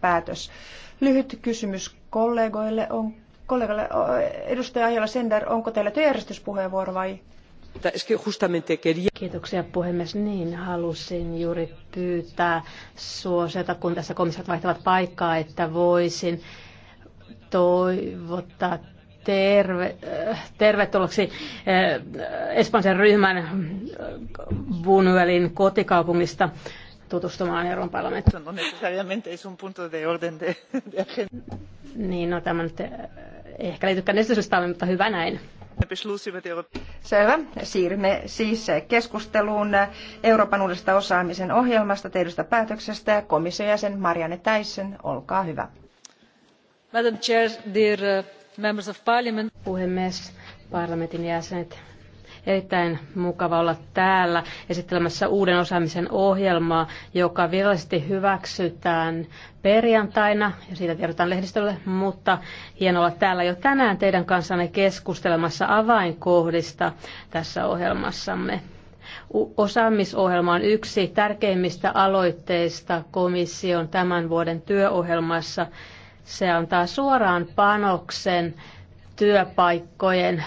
päätös. Lyhyt kysymys kollegoille on kollegalle, edustaja Ajala Sender, onko teillä työjärjestyspuheenvuoro vai? Kiitoksia puhemies. Niin halusin juuri pyytää suosiota, kun tässä komissiot vaihtavat paikkaa, että voisin toivottaa terve, äh, tervetulleeksi äh, Espanjan ryhmän äh, Bunuelin kotikaupungista tutustumaan Euroopan parlamenttiin. No niin, no tämä nyt eh, ehkä liitykään esityslistalle, mutta hyvä näin. Selvä. Siirrymme siis keskusteluun Euroopan uudesta osaamisen ohjelmasta tehdystä päätöksestä komission jäsen Marianne Täissen, olkaa hyvä. Madam Chair, dear eh, members of parliament. Puhemies, parlamentin jäsenet, erittäin mukava olla täällä esittelemässä uuden osaamisen ohjelmaa, joka virallisesti hyväksytään perjantaina ja siitä tiedotetaan lehdistölle, mutta hienoa olla täällä jo tänään teidän kanssanne keskustelemassa avainkohdista tässä ohjelmassamme. Osaamisohjelma on yksi tärkeimmistä aloitteista komission tämän vuoden työohjelmassa. Se antaa suoraan panoksen työpaikkojen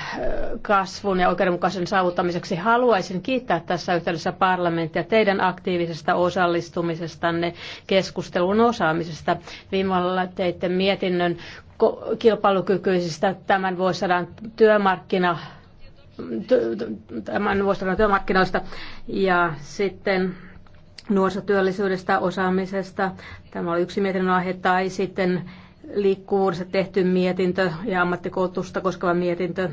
kasvun ja oikeudenmukaisen saavuttamiseksi. Haluaisin kiittää tässä yhteydessä parlamenttia teidän aktiivisesta osallistumisestanne keskustelun osaamisesta. Viime teitte mietinnön kilpailukykyisistä tämän vuosisadan työmarkkina tämän vuosisadan työmarkkinoista ja sitten nuorisotyöllisyydestä, osaamisesta. Tämä oli yksi mietinnön aihe tai sitten liikkuvuudesta tehty mietintö ja ammattikoulutusta koskeva mietintö.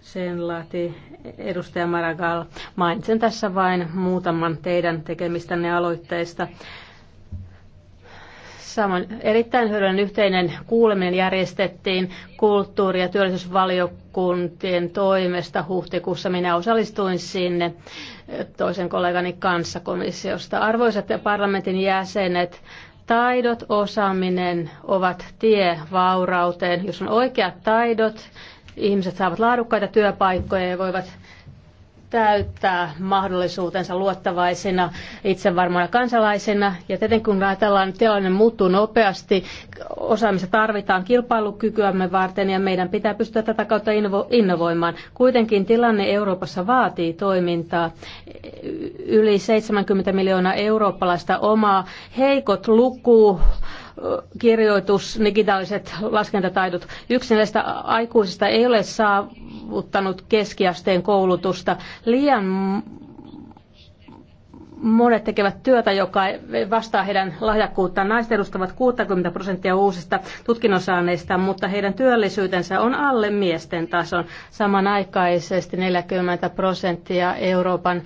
Sen laati edustaja Maragall. Mainitsen tässä vain muutaman teidän tekemistänne aloitteista. Samoin erittäin hyödyllinen yhteinen kuuleminen järjestettiin kulttuuri- ja työllisyysvaliokuntien toimesta huhtikuussa. Minä osallistuin sinne toisen kollegani kanssa komissiosta. Arvoisat parlamentin jäsenet, Taidot, osaaminen ovat tie vaurauteen. Jos on oikeat taidot, ihmiset saavat laadukkaita työpaikkoja ja voivat täyttää mahdollisuutensa luottavaisena, itsevarmoina kansalaisena. Ja tietenkin kun ajatellaan, että tilanne muuttuu nopeasti, osaamista tarvitaan kilpailukykyämme varten ja meidän pitää pystyä tätä kautta innovo- innovoimaan. Kuitenkin tilanne Euroopassa vaatii toimintaa. Yli 70 miljoonaa eurooppalaista omaa heikot luku kirjoitus, digitaaliset laskentataidot. Yksi näistä aikuisista ei ole saavuttanut keskiasteen koulutusta. Liian monet tekevät työtä, joka ei vastaa heidän lahjakkuuttaan. Naiset edustavat 60 prosenttia uusista tutkinnosaaneista, mutta heidän työllisyytensä on alle miesten tason. Samanaikaisesti 40 prosenttia Euroopan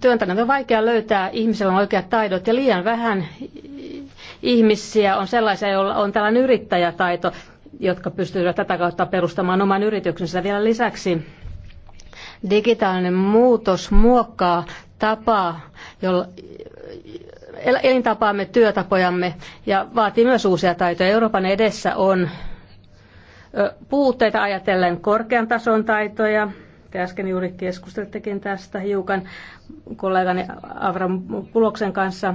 työntäjän on vaikea löytää, ihmisellä on oikeat taidot ja liian vähän ihmisiä on sellaisia, joilla on tällainen yrittäjätaito, jotka pystyvät tätä kautta perustamaan oman yrityksensä vielä lisäksi. Digitaalinen muutos muokkaa tapaa, jolla elintapaamme, työtapojamme ja vaatii myös uusia taitoja. Euroopan edessä on puutteita ajatellen korkean tason taitoja, te äsken juuri keskustelittekin tästä hiukan kollegani Avram Puloksen kanssa.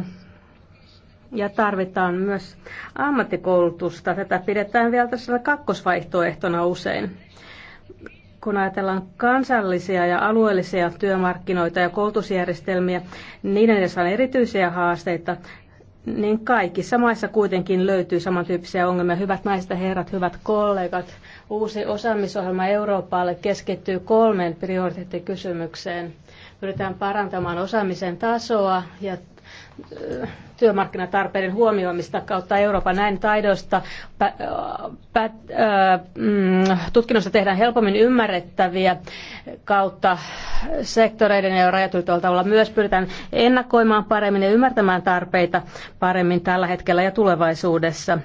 Ja tarvitaan myös ammattikoulutusta. Tätä pidetään vielä tässä kakkosvaihtoehtona usein. Kun ajatellaan kansallisia ja alueellisia työmarkkinoita ja koulutusjärjestelmiä, niiden edessä on erityisiä haasteita niin kaikissa maissa kuitenkin löytyy samantyyppisiä ongelmia. Hyvät naiset ja herrat, hyvät kollegat, uusi osaamisohjelma Euroopalle keskittyy kolmeen prioriteettikysymykseen. Pyritään parantamaan osaamisen tasoa ja äh, työmarkkinatarpeiden huomioimista kautta Euroopan näin taidoista. Pä, pä, mm, tutkinnosta tehdään helpommin ymmärrettäviä kautta sektoreiden ja rajatuilla tavalla. Myös pyritään ennakoimaan paremmin ja ymmärtämään tarpeita paremmin tällä hetkellä ja tulevaisuudessa.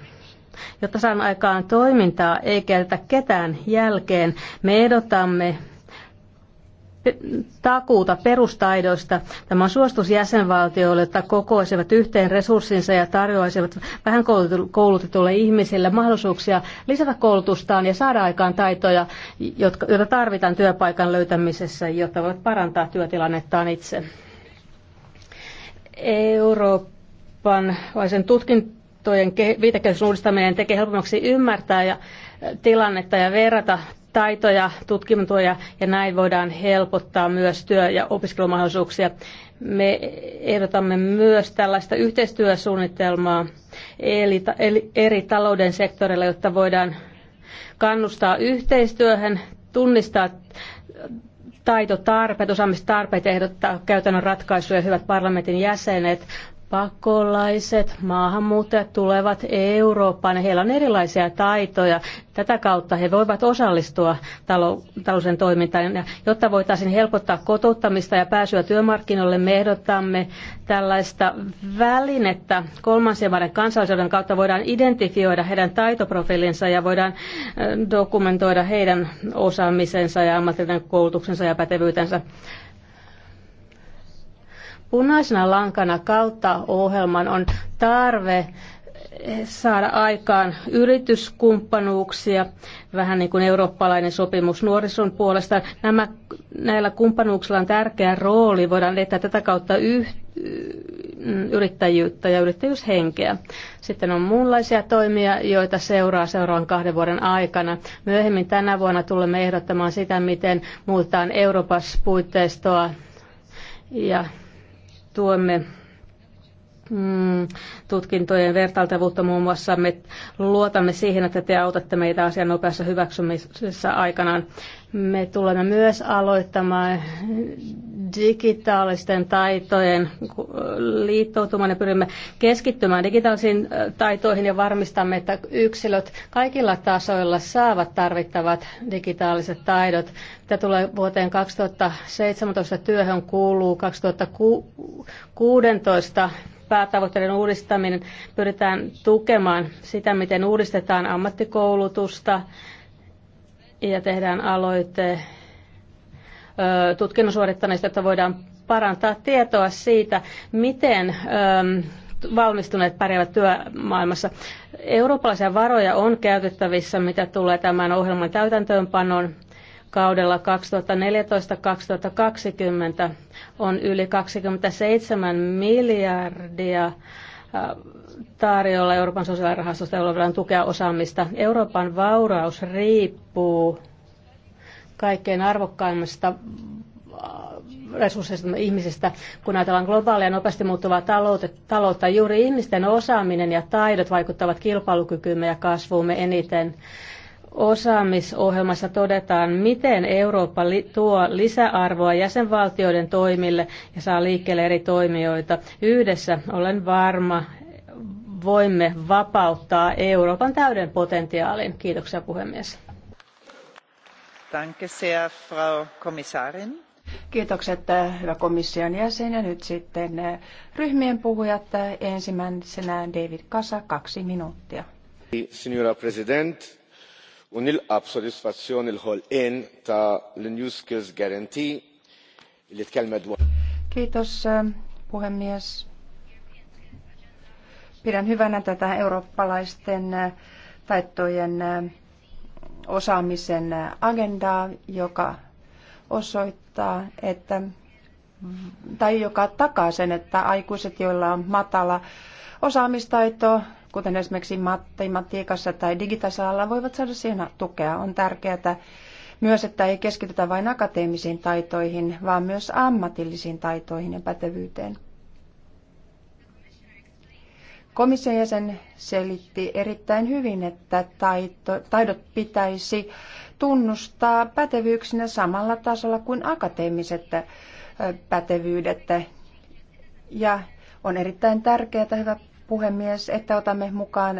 Jotta saan aikaan toimintaa, ei käytetä ketään jälkeen. Me edotamme takuuta perustaidoista. Tämä on suostus jäsenvaltioille, että kokoisivat yhteen resurssinsa ja tarjoaisivat vähän koulutetulle ihmisille mahdollisuuksia lisätä koulutustaan ja saada aikaan taitoja, jotka, joita tarvitaan työpaikan löytämisessä, jotta voivat parantaa työtilannettaan itse. Euroopan sen tutkintojen viitekehyksen uudistaminen tekee helpommaksi ymmärtää ja tilannetta ja verrata taitoja, tutkintoja ja näin voidaan helpottaa myös työ- ja opiskelumahdollisuuksia. Me ehdotamme myös tällaista yhteistyösuunnitelmaa eli, eli eri talouden sektoreilla, jotta voidaan kannustaa yhteistyöhön, tunnistaa taitotarpeet, osaamistarpeet ja ehdottaa käytännön ratkaisuja, hyvät parlamentin jäsenet pakolaiset, maahanmuuttajat tulevat Eurooppaan ja heillä on erilaisia taitoja. Tätä kautta he voivat osallistua talouden toimintaan. Ja jotta voitaisiin helpottaa kotouttamista ja pääsyä työmarkkinoille, me ehdotamme tällaista välinettä. Kolmansien maiden kansallisuuden kautta voidaan identifioida heidän taitoprofiilinsa ja voidaan eh, dokumentoida heidän osaamisensa ja ammatillinen koulutuksensa ja pätevyytensä. Punaisena lankana kautta ohjelman on tarve saada aikaan yrityskumppanuuksia, vähän niin kuin eurooppalainen sopimus nuorison puolesta. Nämä, näillä kumppanuuksilla on tärkeä rooli, voidaan edetä tätä kautta yh, yrittäjyyttä ja yrittäjyyshenkeä. Sitten on muunlaisia toimia, joita seuraa seuraavan kahden vuoden aikana. Myöhemmin tänä vuonna tulemme ehdottamaan sitä, miten muutetaan Euroopan puitteistoa ja tuemme mm, tutkintojen vertailtavuutta muun muassa. Me luotamme siihen, että te autatte meitä asian nopeassa hyväksymisessä aikanaan. Me tulemme myös aloittamaan digitaalisten taitojen liittoutumaan ja pyrimme keskittymään digitaalisiin taitoihin ja varmistamme, että yksilöt kaikilla tasoilla saavat tarvittavat digitaaliset taidot. Mitä tulee vuoteen 2017 työhön kuuluu 2016 päätavoitteiden uudistaminen pyritään tukemaan sitä, miten uudistetaan ammattikoulutusta ja tehdään aloite tutkinnon suorittaneista, että voidaan parantaa tietoa siitä, miten valmistuneet pärjäävät työmaailmassa. Eurooppalaisia varoja on käytettävissä, mitä tulee tämän ohjelman täytäntöönpanoon kaudella 2014-2020 on yli 27 miljardia äh, tarjolla Euroopan sosiaalirahastosta, jolla voidaan tukea osaamista. Euroopan vauraus riippuu kaikkein arvokkaimmista äh, resursseista ihmisistä, kun ajatellaan globaalia nopeasti muuttuvaa taloutta. Juuri ihmisten osaaminen ja taidot vaikuttavat kilpailukykyymme ja kasvuumme eniten osaamisohjelmassa todetaan, miten Eurooppa tuo lisäarvoa jäsenvaltioiden toimille ja saa liikkeelle eri toimijoita. Yhdessä olen varma, voimme vapauttaa Euroopan täyden potentiaalin. Kiitoksia puhemies. Danke sehr, Frau Kommissarin. Kiitokset eh, hyvä komission jäsen ja nyt sitten eh, ryhmien puhujat. Eh, ensimmäisenä David Kasa, kaksi minuuttia. Signora President, u nilqa' b'sodisfazzjoni l-ħolqien ta' new skills guarantee li tkellmet dwar. Kiitos eh, puhemies. Pidän hyvänä tätä eurooppalaisten eh, taitojen eh, osaamisen agendaa, joka osoittaa, että tai joka takaa sen, että aikuiset, joilla on matala osaamistaito, kuten esimerkiksi matematiikassa tai digitasa voivat saada siinä tukea. On tärkeää myös, että ei keskitytä vain akateemisiin taitoihin, vaan myös ammatillisiin taitoihin ja pätevyyteen. Komission jäsen selitti erittäin hyvin, että taito, taidot pitäisi tunnustaa pätevyyksinä samalla tasolla kuin akateemiset pätevyydet. Ja on erittäin tärkeää, hyvä puhemies, että otamme mukaan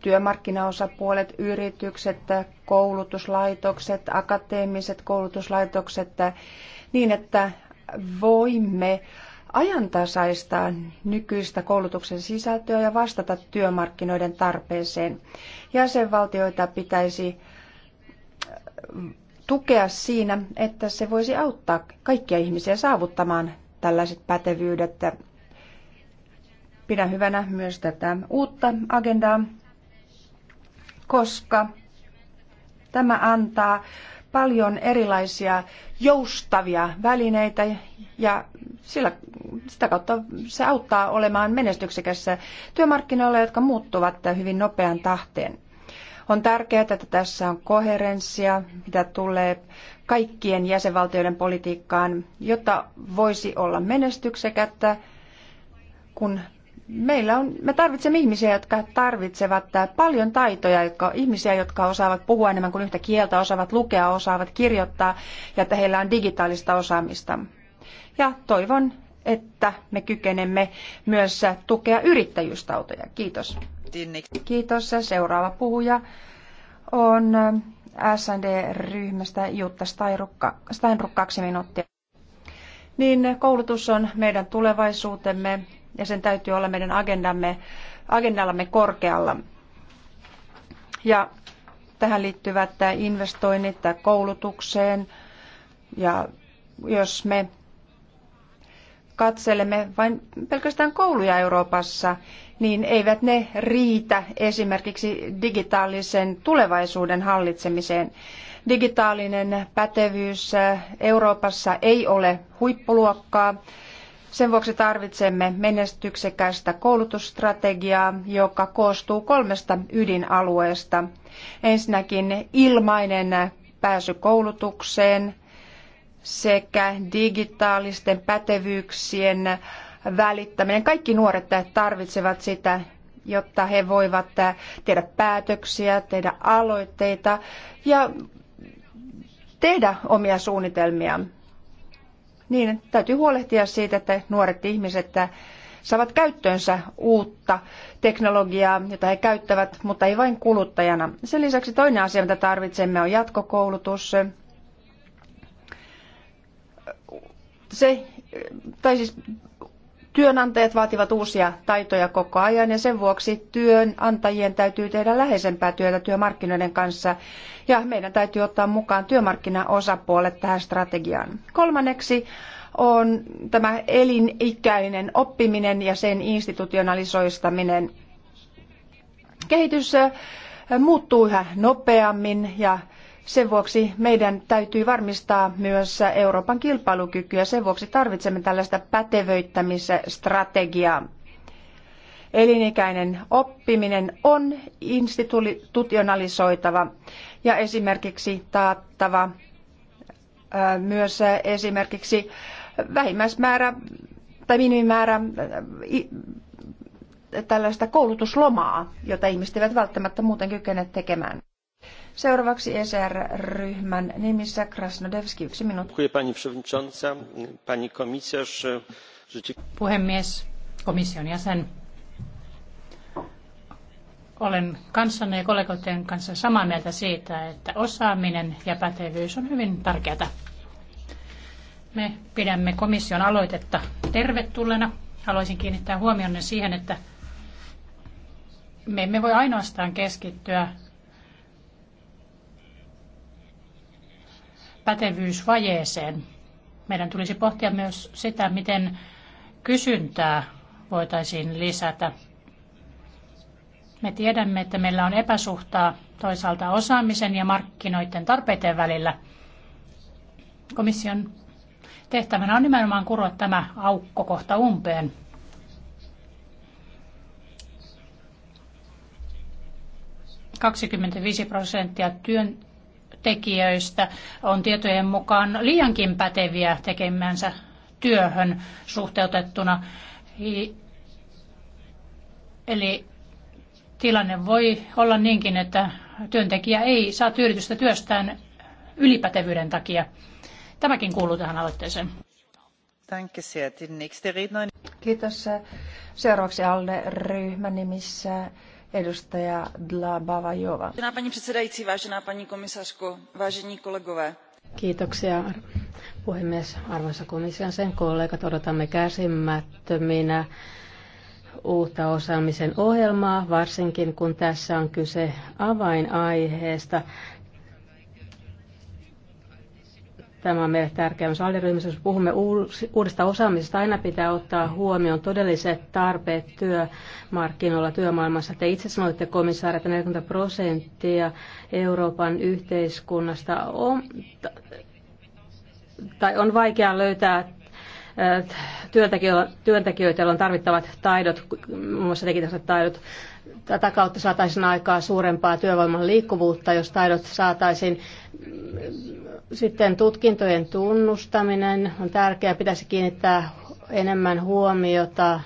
työmarkkinaosapuolet, yritykset, koulutuslaitokset, akateemiset koulutuslaitokset niin, että voimme ajantasaistaa nykyistä koulutuksen sisältöä ja vastata työmarkkinoiden tarpeeseen. Jäsenvaltioita pitäisi äh, tukea siinä, että se voisi auttaa kaikkia ihmisiä saavuttamaan tällaiset pätevyydet Pidän hyvänä myös tätä uutta agendaa, koska tämä antaa paljon erilaisia joustavia välineitä ja sillä, sitä kautta se auttaa olemaan menestyksekässä työmarkkinoilla, jotka muuttuvat hyvin nopean tahteen. On tärkeää, että tässä on koherenssia, mitä tulee kaikkien jäsenvaltioiden politiikkaan, jotta voisi olla menestyksekättä, kun meillä on, me tarvitsemme ihmisiä, jotka tarvitsevat paljon taitoja, jotka, ihmisiä, jotka osaavat puhua enemmän kuin yhtä kieltä, osaavat lukea, osaavat kirjoittaa ja että heillä on digitaalista osaamista. Ja toivon, että me kykenemme myös tukea yrittäjyystautoja. Kiitos. Kiitos. Seuraava puhuja on SND-ryhmästä Jutta Steinruck, kaksi minuuttia. Niin koulutus on meidän tulevaisuutemme ja sen täytyy olla meidän agendamme, agendallamme korkealla. Ja tähän liittyvät investoinnit tämä koulutukseen ja jos me katselemme vain pelkästään kouluja Euroopassa, niin eivät ne riitä esimerkiksi digitaalisen tulevaisuuden hallitsemiseen. Digitaalinen pätevyys Euroopassa ei ole huippuluokkaa sen vuoksi tarvitsemme menestyksekästä koulutusstrategiaa, joka koostuu kolmesta ydinalueesta. Ensinnäkin ilmainen pääsy koulutukseen sekä digitaalisten pätevyyksien välittäminen. Kaikki nuoret tarvitsevat sitä, jotta he voivat tehdä päätöksiä, tehdä aloitteita ja tehdä omia suunnitelmiaan niin täytyy huolehtia siitä, että nuoret ihmiset äh, saavat käyttöönsä uutta teknologiaa, jota he käyttävät, mutta ei vain kuluttajana. Sen lisäksi toinen asia, mitä tarvitsemme, on jatkokoulutus. Se, tai siis Työnantajat vaativat uusia taitoja koko ajan ja sen vuoksi työnantajien täytyy tehdä läheisempää työtä työmarkkinoiden kanssa ja meidän täytyy ottaa mukaan työmarkkinaosapuolet tähän strategiaan. Kolmanneksi on tämä elinikäinen oppiminen ja sen institutionalisoistaminen. Kehitys muuttuu yhä nopeammin ja sen vuoksi meidän täytyy varmistaa myös Euroopan kilpailukykyä. Sen vuoksi tarvitsemme tällaista pätevöittämisstrategiaa. Elinikäinen oppiminen on institutionalisoitava ja esimerkiksi taattava myös esimerkiksi vähimmäismäärä tai minimimäärä tällaista koulutuslomaa, jota ihmiset eivät välttämättä muuten kykene tekemään. Seuraavaksi ECR-ryhmän nimissä Krasnodevski, yksi minuutti. pani e, Puhemies, komission jäsen. Olen kanssanne ja kollegoiden kanssa samaa mieltä siitä, että osaaminen ja pätevyys on hyvin tärkeää. Me pidämme komission aloitetta tervetulleena. Haluaisin kiinnittää huomionne siihen, että me emme voi ainoastaan keskittyä pätevyysvajeeseen. Meidän tulisi pohtia myös sitä, miten kysyntää voitaisiin lisätä. Me tiedämme, että meillä on epäsuhtaa toisaalta osaamisen ja markkinoiden tarpeiden välillä. Komission tehtävänä on nimenomaan kuroa tämä aukko kohta umpeen. Kaksikymmentäviisi prosenttia työn Tekijöistä on tietojen mukaan liiankin päteviä tekemänsä työhön suhteutettuna. Eli tilanne voi olla niinkin, että työntekijä ei saa tyydytystä työstään ylipätevyyden takia. Tämäkin kuuluu tähän aloitteeseen. Kiitos. Seuraavaksi alle ryhmän nimissä edustaja Dlabavajova. Vážená paní předsedající, vážená paní komisařko, vážení kolegové. Kiitoksia puhemies, arvoisa komission sen kollegat. Odotamme kärsimättöminä uutta osaamisen ohjelmaa, varsinkin kun tässä on kyse avainaiheesta Tämä on meille tärkeä myös aliryhmässä. Jos puhumme uudesta osaamisesta, aina pitää ottaa huomioon todelliset tarpeet työmarkkinoilla, työmaailmassa. Te itse sanoitte, komissaari, että 40 prosenttia Euroopan yhteiskunnasta on, tai on vaikea löytää äh, työntekijöitä, työntekijöitä joilla on tarvittavat taidot, muun muassa digitaaliset taidot. Tätä kautta saataisiin aikaa suurempaa työvoiman liikkuvuutta, jos taidot saataisiin sitten tutkintojen tunnustaminen on tärkeää. Pitäisi kiinnittää enemmän huomiota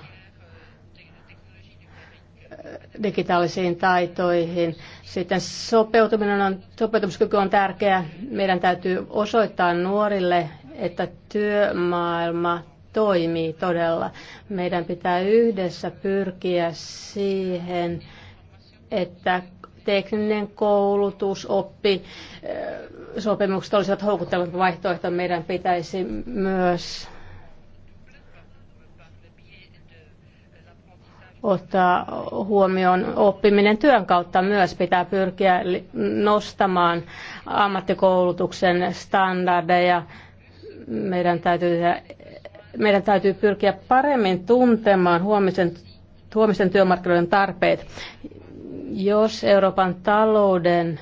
eh, digitaalisiin taitoihin. Sitten sopeutuminen on, sopeutumiskyky on tärkeä. Meidän täytyy osoittaa nuorille, että työmaailma toimii todella. Meidän pitää yhdessä pyrkiä siihen, että tekninen koulutus, oppi, eh, sopimukset olisivat houkuttelevampi vaihtoehto, meidän pitäisi myös ottaa huomioon oppiminen työn kautta myös. Pitää pyrkiä nostamaan ammattikoulutuksen standardeja. Meidän täytyy, meidän täytyy pyrkiä paremmin tuntemaan huomisen, huomisen työmarkkinoiden tarpeet. Jos Euroopan talouden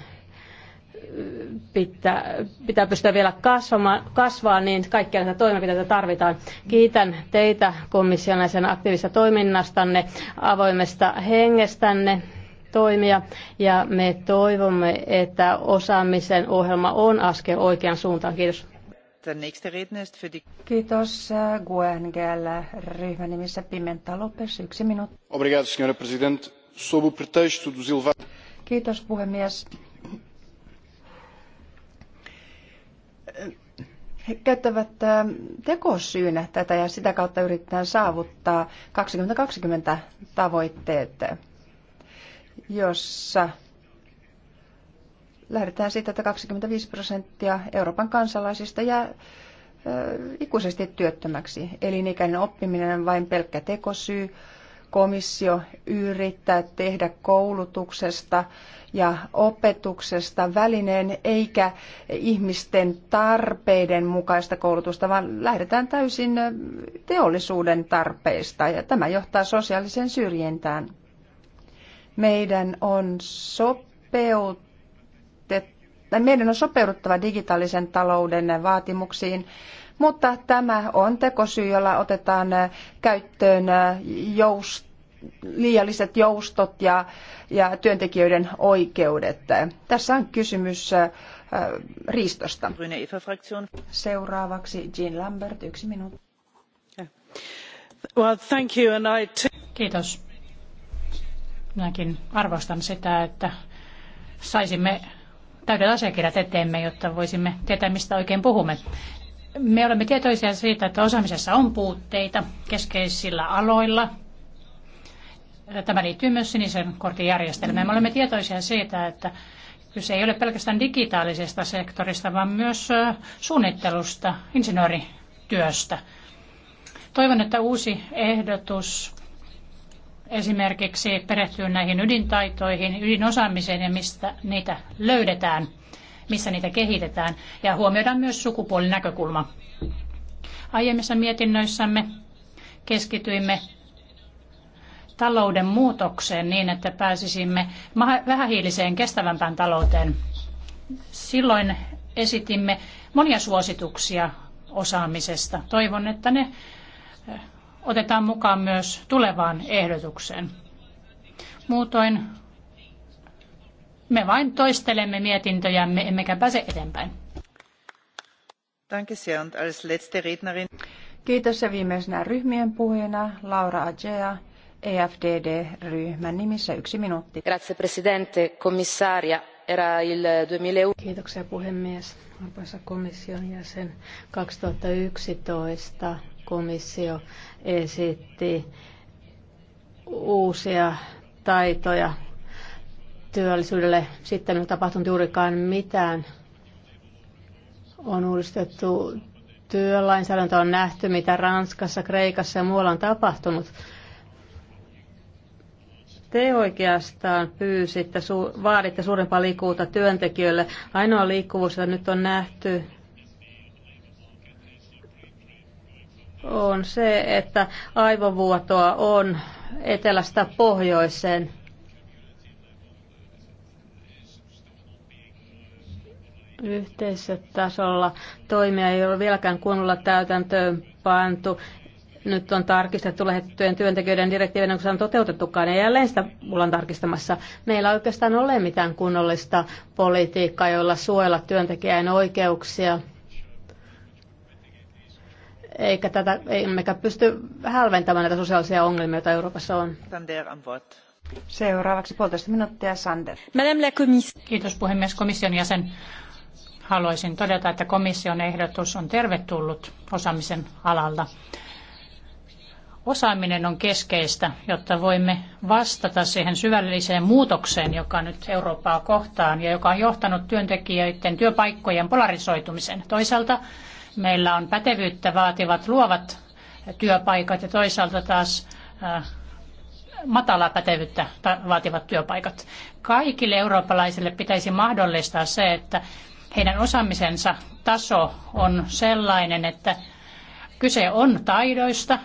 pitää, pitää pystyä vielä kasvamaan, kasvaa, niin kaikkia näitä toimenpiteitä tarvitaan. Kiitän teitä komissionaisen aktiivista toiminnastanne, avoimesta hengestänne toimia ja me toivomme, että osaamisen ohjelma on askel oikean suuntaan. Kiitos. Kiitos äh, Guengel. Ryhmän nimissä Pimenta Lopes, yksi minuutti. Kiitos puhemies. he käyttävät tekosyynä tätä ja sitä kautta yritetään saavuttaa 2020 tavoitteet, jossa lähdetään siitä, että 25 prosenttia Euroopan kansalaisista jää ikuisesti työttömäksi. Elinikäinen oppiminen on vain pelkkä tekosyy, komissio yrittää tehdä koulutuksesta ja opetuksesta välineen eikä ihmisten tarpeiden mukaista koulutusta, vaan lähdetään täysin teollisuuden tarpeista ja tämä johtaa sosiaaliseen syrjintään. Meidän on sopeutettava meidän on sopeuduttava digitaalisen talouden vaatimuksiin mutta tämä on tekosyy, jolla otetaan äh, käyttöön äh, joust, liialliset joustot ja, ja työntekijöiden oikeudet. Tässä on kysymys äh, riistosta. Seuraavaksi Jean Lambert, yksi minuutti. Well, thank you and I Kiitos. Minäkin arvostan sitä, että saisimme täydet asiakirjat eteemme, jotta voisimme tietää, mistä oikein puhumme. Me olemme tietoisia siitä, että osaamisessa on puutteita keskeisillä aloilla. Tämä liittyy myös sinisen kortin järjestelmään. Me olemme tietoisia siitä, että kyse ei ole pelkästään digitaalisesta sektorista, vaan myös suunnittelusta, insinöörityöstä. Toivon, että uusi ehdotus esimerkiksi perehtyy näihin ydintaitoihin, ydinosaamiseen ja mistä niitä löydetään – missä niitä kehitetään ja huomioidaan myös sukupuolinäkökulma. Aiemmissa mietinnöissämme keskityimme talouden muutokseen niin, että pääsisimme vähähiiliseen kestävämpään talouteen. Silloin esitimme monia suosituksia osaamisesta. Toivon, että ne otetaan mukaan myös tulevaan ehdotukseen. Muutoin me vain toistelemme mietintöjämme, emmekä pääse eteenpäin. Kiitos ja viimeisenä ryhmien puheena Laura Agea, EFDD-ryhmän nimissä yksi minuutti. Grazie presidente, commissaria. Era il 2001. E Kiitoksia puhemies. Arvoisa komission jäsen, 2011 komissio esitti uusia taitoja työllisyydelle sitten ei tapahtunut juurikaan mitään. On uudistettu työlainsäädäntö, on nähty mitä Ranskassa, Kreikassa ja muualla on tapahtunut. Te oikeastaan pyysitte, su- vaaditte suurempaa liikkuvuutta työntekijöille. Ainoa liikkuvuus, jota nyt on nähty, on se, että aivovuotoa on etelästä pohjoiseen – yhteisötasolla toimia ei ole vieläkään kunnolla täytäntöön pantu. Nyt on tarkistettu lähetettyjen työntekijöiden direktiivin, kun se on toteutettukaan, ja jälleen sitä on tarkistamassa. Meillä ei oikeastaan ole mitään kunnollista politiikkaa, jolla suojella työntekijän oikeuksia. Eikä tätä, emmekä pysty hälventämään näitä sosiaalisia ongelmia, joita Euroopassa on. Seuraavaksi puolitoista minuuttia Sander. Madame Kiitos puhemies komission jäsen haluaisin todeta, että komission ehdotus on tervetullut osaamisen alalta. Osaaminen on keskeistä, jotta voimme vastata siihen syvälliseen muutokseen, joka nyt Eurooppaa kohtaan ja joka on johtanut työntekijöiden työpaikkojen polarisoitumisen. Toisaalta meillä on pätevyyttä vaativat luovat työpaikat ja toisaalta taas äh, matalaa pätevyyttä vaativat työpaikat. Kaikille eurooppalaisille pitäisi mahdollistaa se, että heidän osaamisensa taso on sellainen, että kyse on taidoista,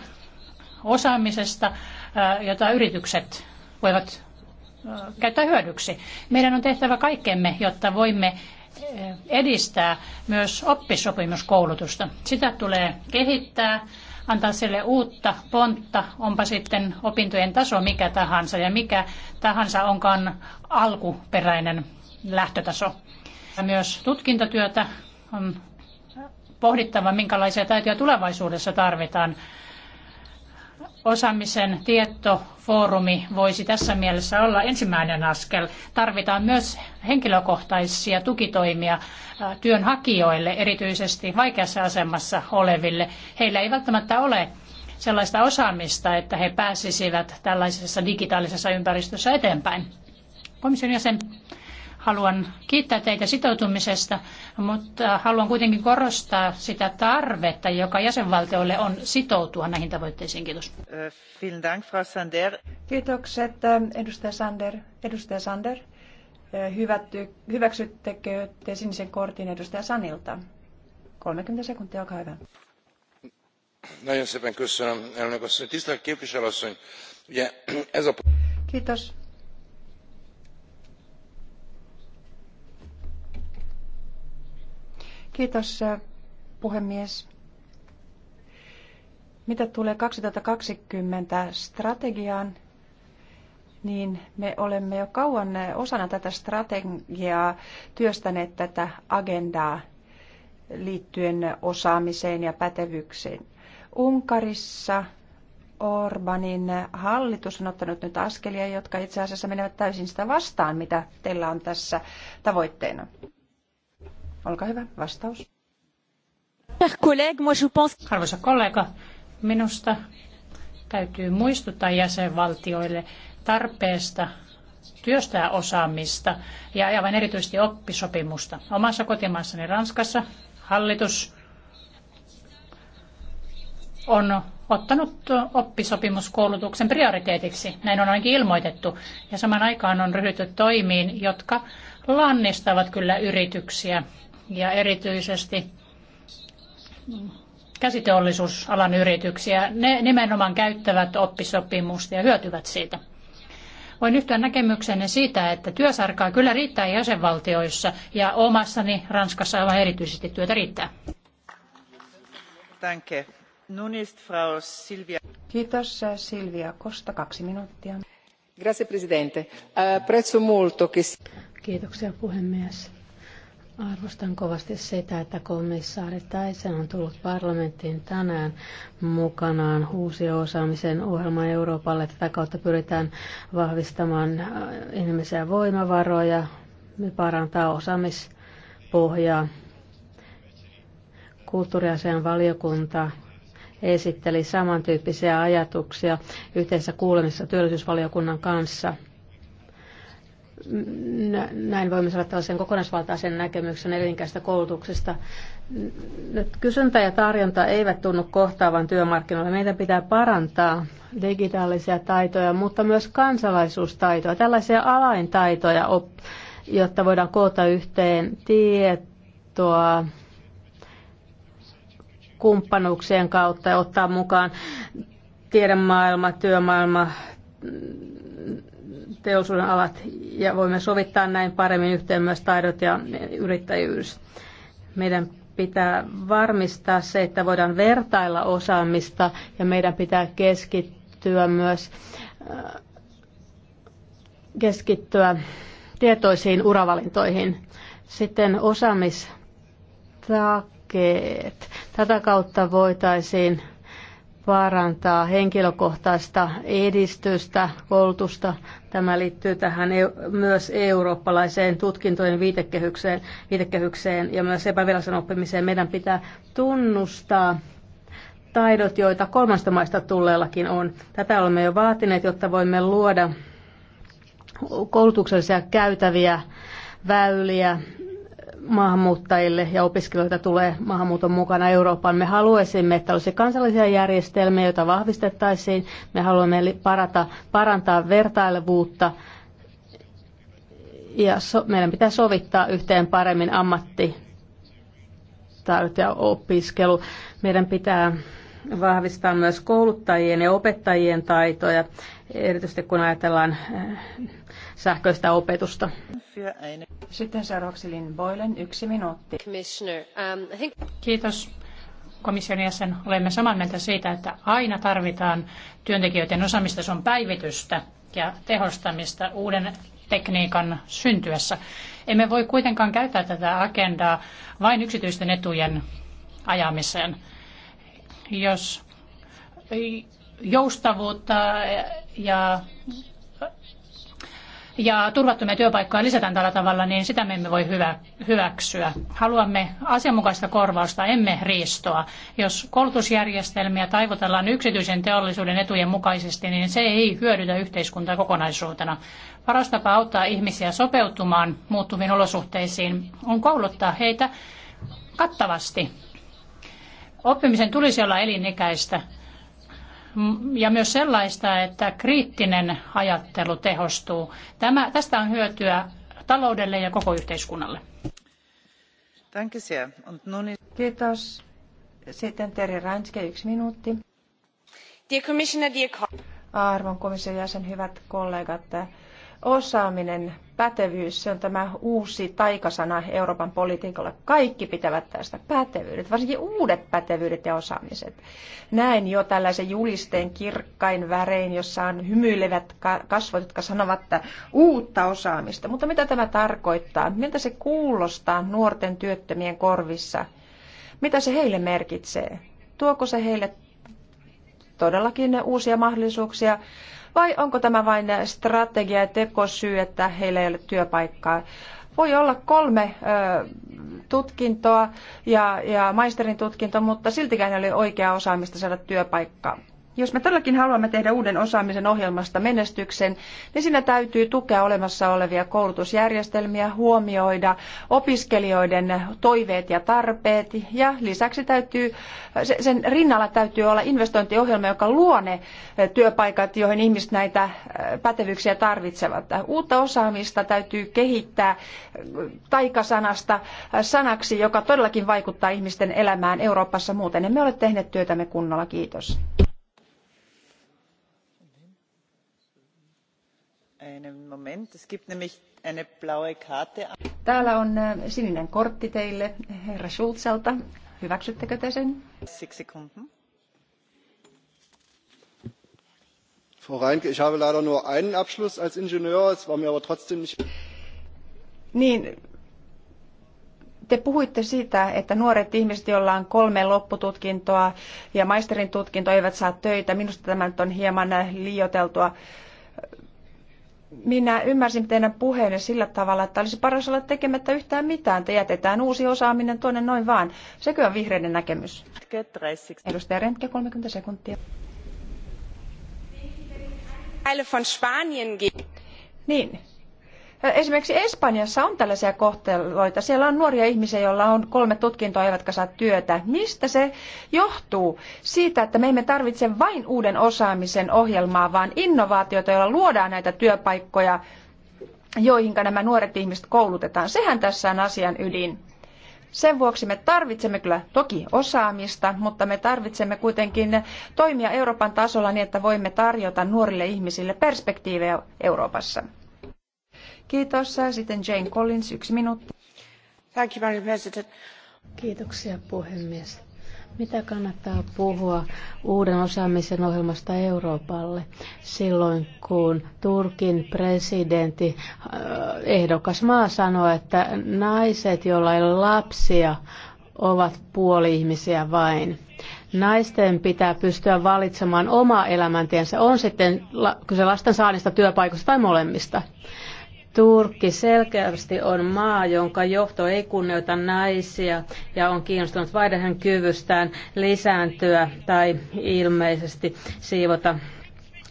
osaamisesta, jota yritykset voivat käyttää hyödyksi. Meidän on tehtävä kaikkemme, jotta voimme edistää myös oppisopimuskoulutusta. Sitä tulee kehittää, antaa sille uutta pontta, onpa sitten opintojen taso mikä tahansa ja mikä tahansa onkaan alkuperäinen lähtötaso. Ja myös tutkintatyötä on pohdittava, minkälaisia taitoja tulevaisuudessa tarvitaan. Osaamisen tietofoorumi voisi tässä mielessä olla ensimmäinen askel. Tarvitaan myös henkilökohtaisia tukitoimia työnhakijoille, erityisesti vaikeassa asemassa oleville. Heillä ei välttämättä ole sellaista osaamista, että he pääsisivät tällaisessa digitaalisessa ympäristössä eteenpäin. Komission jäsen, Haluan kiittää teitä sitoutumisesta, mutta haluan kuitenkin korostaa sitä tarvetta, joka jäsenvaltioille on sitoutua näihin tavoitteisiin. Kiitos. Kiitokset, edustaja Sander. Edustaja Sander, hyvätty, hyväksyttekö te sinisen kortin edustaja Sanilta? 30 sekuntia, olkaa hyvä. Nagyon szépen köszönöm, elnök asszony. Tisztelt képviselő asszony, ugye ez a... Kiitos Kiitos äh, puhemies. Mitä tulee 2020 strategiaan, niin me olemme jo kauan äh, osana tätä strategiaa työstäneet tätä agendaa liittyen osaamiseen ja pätevyyksiin. Unkarissa Orbanin hallitus on ottanut nyt askelia, jotka itse asiassa menevät täysin sitä vastaan, mitä teillä on tässä tavoitteena. Olkaa hyvä, vastaus. Arvoisa kollega, minusta täytyy muistuttaa jäsenvaltioille tarpeesta työstää osaamista ja aivan erityisesti oppisopimusta. Omassa kotimaassani Ranskassa hallitus on ottanut oppisopimuskoulutuksen prioriteetiksi. Näin on ainakin ilmoitettu. Ja saman aikaan on ryhdytty toimiin, jotka lannistavat kyllä yrityksiä ja erityisesti käsiteollisuusalan yrityksiä. Ne nimenomaan käyttävät oppisopimusta ja hyötyvät siitä. Voin yhtyä näkemyksenne siitä, että työsarkaa kyllä riittää jäsenvaltioissa ja omassani Ranskassa aivan erityisesti työtä riittää. Danke. Nun Frau Silvia. Kiitos äh, Silvia Kosta, kaksi minuuttia. Grazie Presidente. Apprezzo äh, molto che... Kiitoksia puhemies Arvostan kovasti sitä, että komissaari Taisen on tullut parlamenttiin tänään mukanaan uusi osaamisen ohjelma Euroopalle. Tätä kautta pyritään vahvistamaan äh, ihmisiä voimavaroja ja parantaa osaamispohjaa. Kulttuuriasian valiokunta esitteli samantyyppisiä ajatuksia yhteensä kuulemissa työllisyysvaliokunnan kanssa – näin voimme saada tällaisen kokonaisvaltaisen näkemyksen elinikäisestä koulutuksesta. Nyt kysyntä ja tarjonta eivät tunnu kohtaavan työmarkkinoilla. Meidän pitää parantaa digitaalisia taitoja, mutta myös kansalaisuustaitoja, tällaisia alaintaitoja, jotta voidaan koota yhteen tietoa kumppanuuksien kautta ja ottaa mukaan tiedemaailma, työmaailma, teollisuuden alat ja voimme sovittaa näin paremmin yhteen myös taidot ja yrittäjyys. Meidän pitää varmistaa se, että voidaan vertailla osaamista ja meidän pitää keskittyä myös äh, keskittyä tietoisiin uravalintoihin. Sitten osaamistakeet. Tätä kautta voitaisiin parantaa henkilökohtaista edistystä, koulutusta. Tämä liittyy tähän myös eurooppalaiseen tutkintojen viitekehykseen, viitekehykseen ja myös epävirallisen oppimiseen. Meidän pitää tunnustaa taidot, joita kolmasta maista tulleellakin on. Tätä olemme jo vaatineet, jotta voimme luoda koulutuksellisia käytäviä väyliä maahanmuuttajille ja opiskelijoita tulee maahanmuuton mukana Eurooppaan. Me haluaisimme, että olisi kansallisia järjestelmiä, joita vahvistettaisiin. Me haluamme parata, parantaa vertailevuutta ja so, meidän pitää sovittaa yhteen paremmin ammatti- ja opiskelu. Meidän pitää vahvistaa myös kouluttajien ja opettajien taitoja, erityisesti kun ajatellaan sähköistä opetusta. Sitten seuraavaksi Lynn Boylen yksi minuutti. Um, Kiitos komission jäsen. Olemme samaa mieltä siitä, että aina tarvitaan työntekijöiden osaamistason päivitystä ja tehostamista uuden tekniikan syntyessä. Emme voi kuitenkaan käyttää tätä agendaa vain yksityisten etujen ajamiseen. Jos joustavuutta ja ja turvattomia työpaikkoja lisätään tällä tavalla, niin sitä me emme voi hyvä, hyväksyä. Haluamme asianmukaista korvausta, emme riistoa. Jos koulutusjärjestelmiä taivutellaan yksityisen teollisuuden etujen mukaisesti, niin se ei hyödytä yhteiskuntaa kokonaisuutena. Paras tapa auttaa ihmisiä sopeutumaan muuttuviin olosuhteisiin on kouluttaa heitä kattavasti. Oppimisen tulisi olla elinikäistä ja myös sellaista, että kriittinen ajattelu tehostuu. Tämä, tästä on hyötyä taloudelle ja koko yhteiskunnalle. Kiitos. Sitten Terje Ranske, yksi minuutti. Dear Commissioner, dear... Arvon komission jäsen, hyvät kollegat. Osaaminen, pätevyys, se on tämä uusi taikasana Euroopan politiikalla. Kaikki pitävät tästä pätevyydet, varsinkin uudet pätevyydet ja osaamiset. Näin jo tällaisen julisteen kirkkain värein, jossa on hymyilevät kasvot, jotka sanovat, että uutta osaamista. Mutta mitä tämä tarkoittaa? Miltä se kuulostaa nuorten työttömien korvissa? Mitä se heille merkitsee? Tuoko se heille todellakin uusia mahdollisuuksia vai onko tämä vain strategia ja tekosyy, että heillä ei ole työpaikkaa? voi olla kolme ö, tutkintoa ja, ja maisterin tutkinto, mutta siltikään ei ole oikeaa osaamista saada työpaikkaa. Jos me todellakin haluamme tehdä uuden osaamisen ohjelmasta menestyksen, niin siinä täytyy tukea olemassa olevia koulutusjärjestelmiä, huomioida opiskelijoiden toiveet ja tarpeet ja lisäksi täytyy, sen rinnalla täytyy olla investointiohjelma, joka luo ne työpaikat, joihin ihmiset näitä äh, pätevyyksiä tarvitsevat. Uutta osaamista täytyy kehittää äh, taikasanasta äh, sanaksi, joka todellakin vaikuttaa ihmisten elämään Euroopassa muuten. Emme ole tehneet työtämme kunnolla. Kiitos. Täällä on äh, sininen kortti teille herra Schulzelta. Hyväksyttekö te sen? Frau Reinke, ich habe leider nur einen Abschluss als Ingenieur, es war mir aber trotzdem nicht... Niin, te puhuitte siitä, että nuoret ihmiset, joilla on kolme loppututkintoa ja maisterin tutkinto, eivät saa töitä. Minusta tämä nyt on hieman äh, liioteltua minä ymmärsin teidän puheenne sillä tavalla, että olisi paras olla tekemättä yhtään mitään, että jätetään uusi osaaminen tuonne noin vaan. Sekö on vihreiden näkemys? Edustaja Rentke, 30 sekuntia. Niin, Esimerkiksi Espanjassa on tällaisia kohteloita. Siellä on nuoria ihmisiä, joilla on kolme tutkintoa eivätkä saa työtä. Mistä se johtuu? Siitä, että me emme tarvitse vain uuden osaamisen ohjelmaa, vaan innovaatioita, joilla luodaan näitä työpaikkoja, joihin nämä nuoret ihmiset koulutetaan. Sehän tässä on asian ydin. Sen vuoksi me tarvitsemme kyllä toki osaamista, mutta me tarvitsemme kuitenkin toimia Euroopan tasolla niin, että voimme tarjota nuorille ihmisille perspektiivejä Euroopassa. Kiitos. Sitten Jane Collins, yksi minuutti. Thank you, Madam President. Kiitoksia puhemies. Mitä kannattaa puhua uuden osaamisen ohjelmasta Euroopalle silloin, kun Turkin presidentti äh, ehdokas maa sanoo, että naiset, joilla ei ole lapsia, ovat puoli-ihmisiä vain. Naisten pitää pystyä valitsemaan oma elämäntiensä, on sitten kyse lasten saannista, työpaikoista tai molemmista. Turkki selkeästi on maa, jonka johto ei kunnioita naisia ja on kiinnostunut vaihdehän kyvystään lisääntyä tai ilmeisesti siivota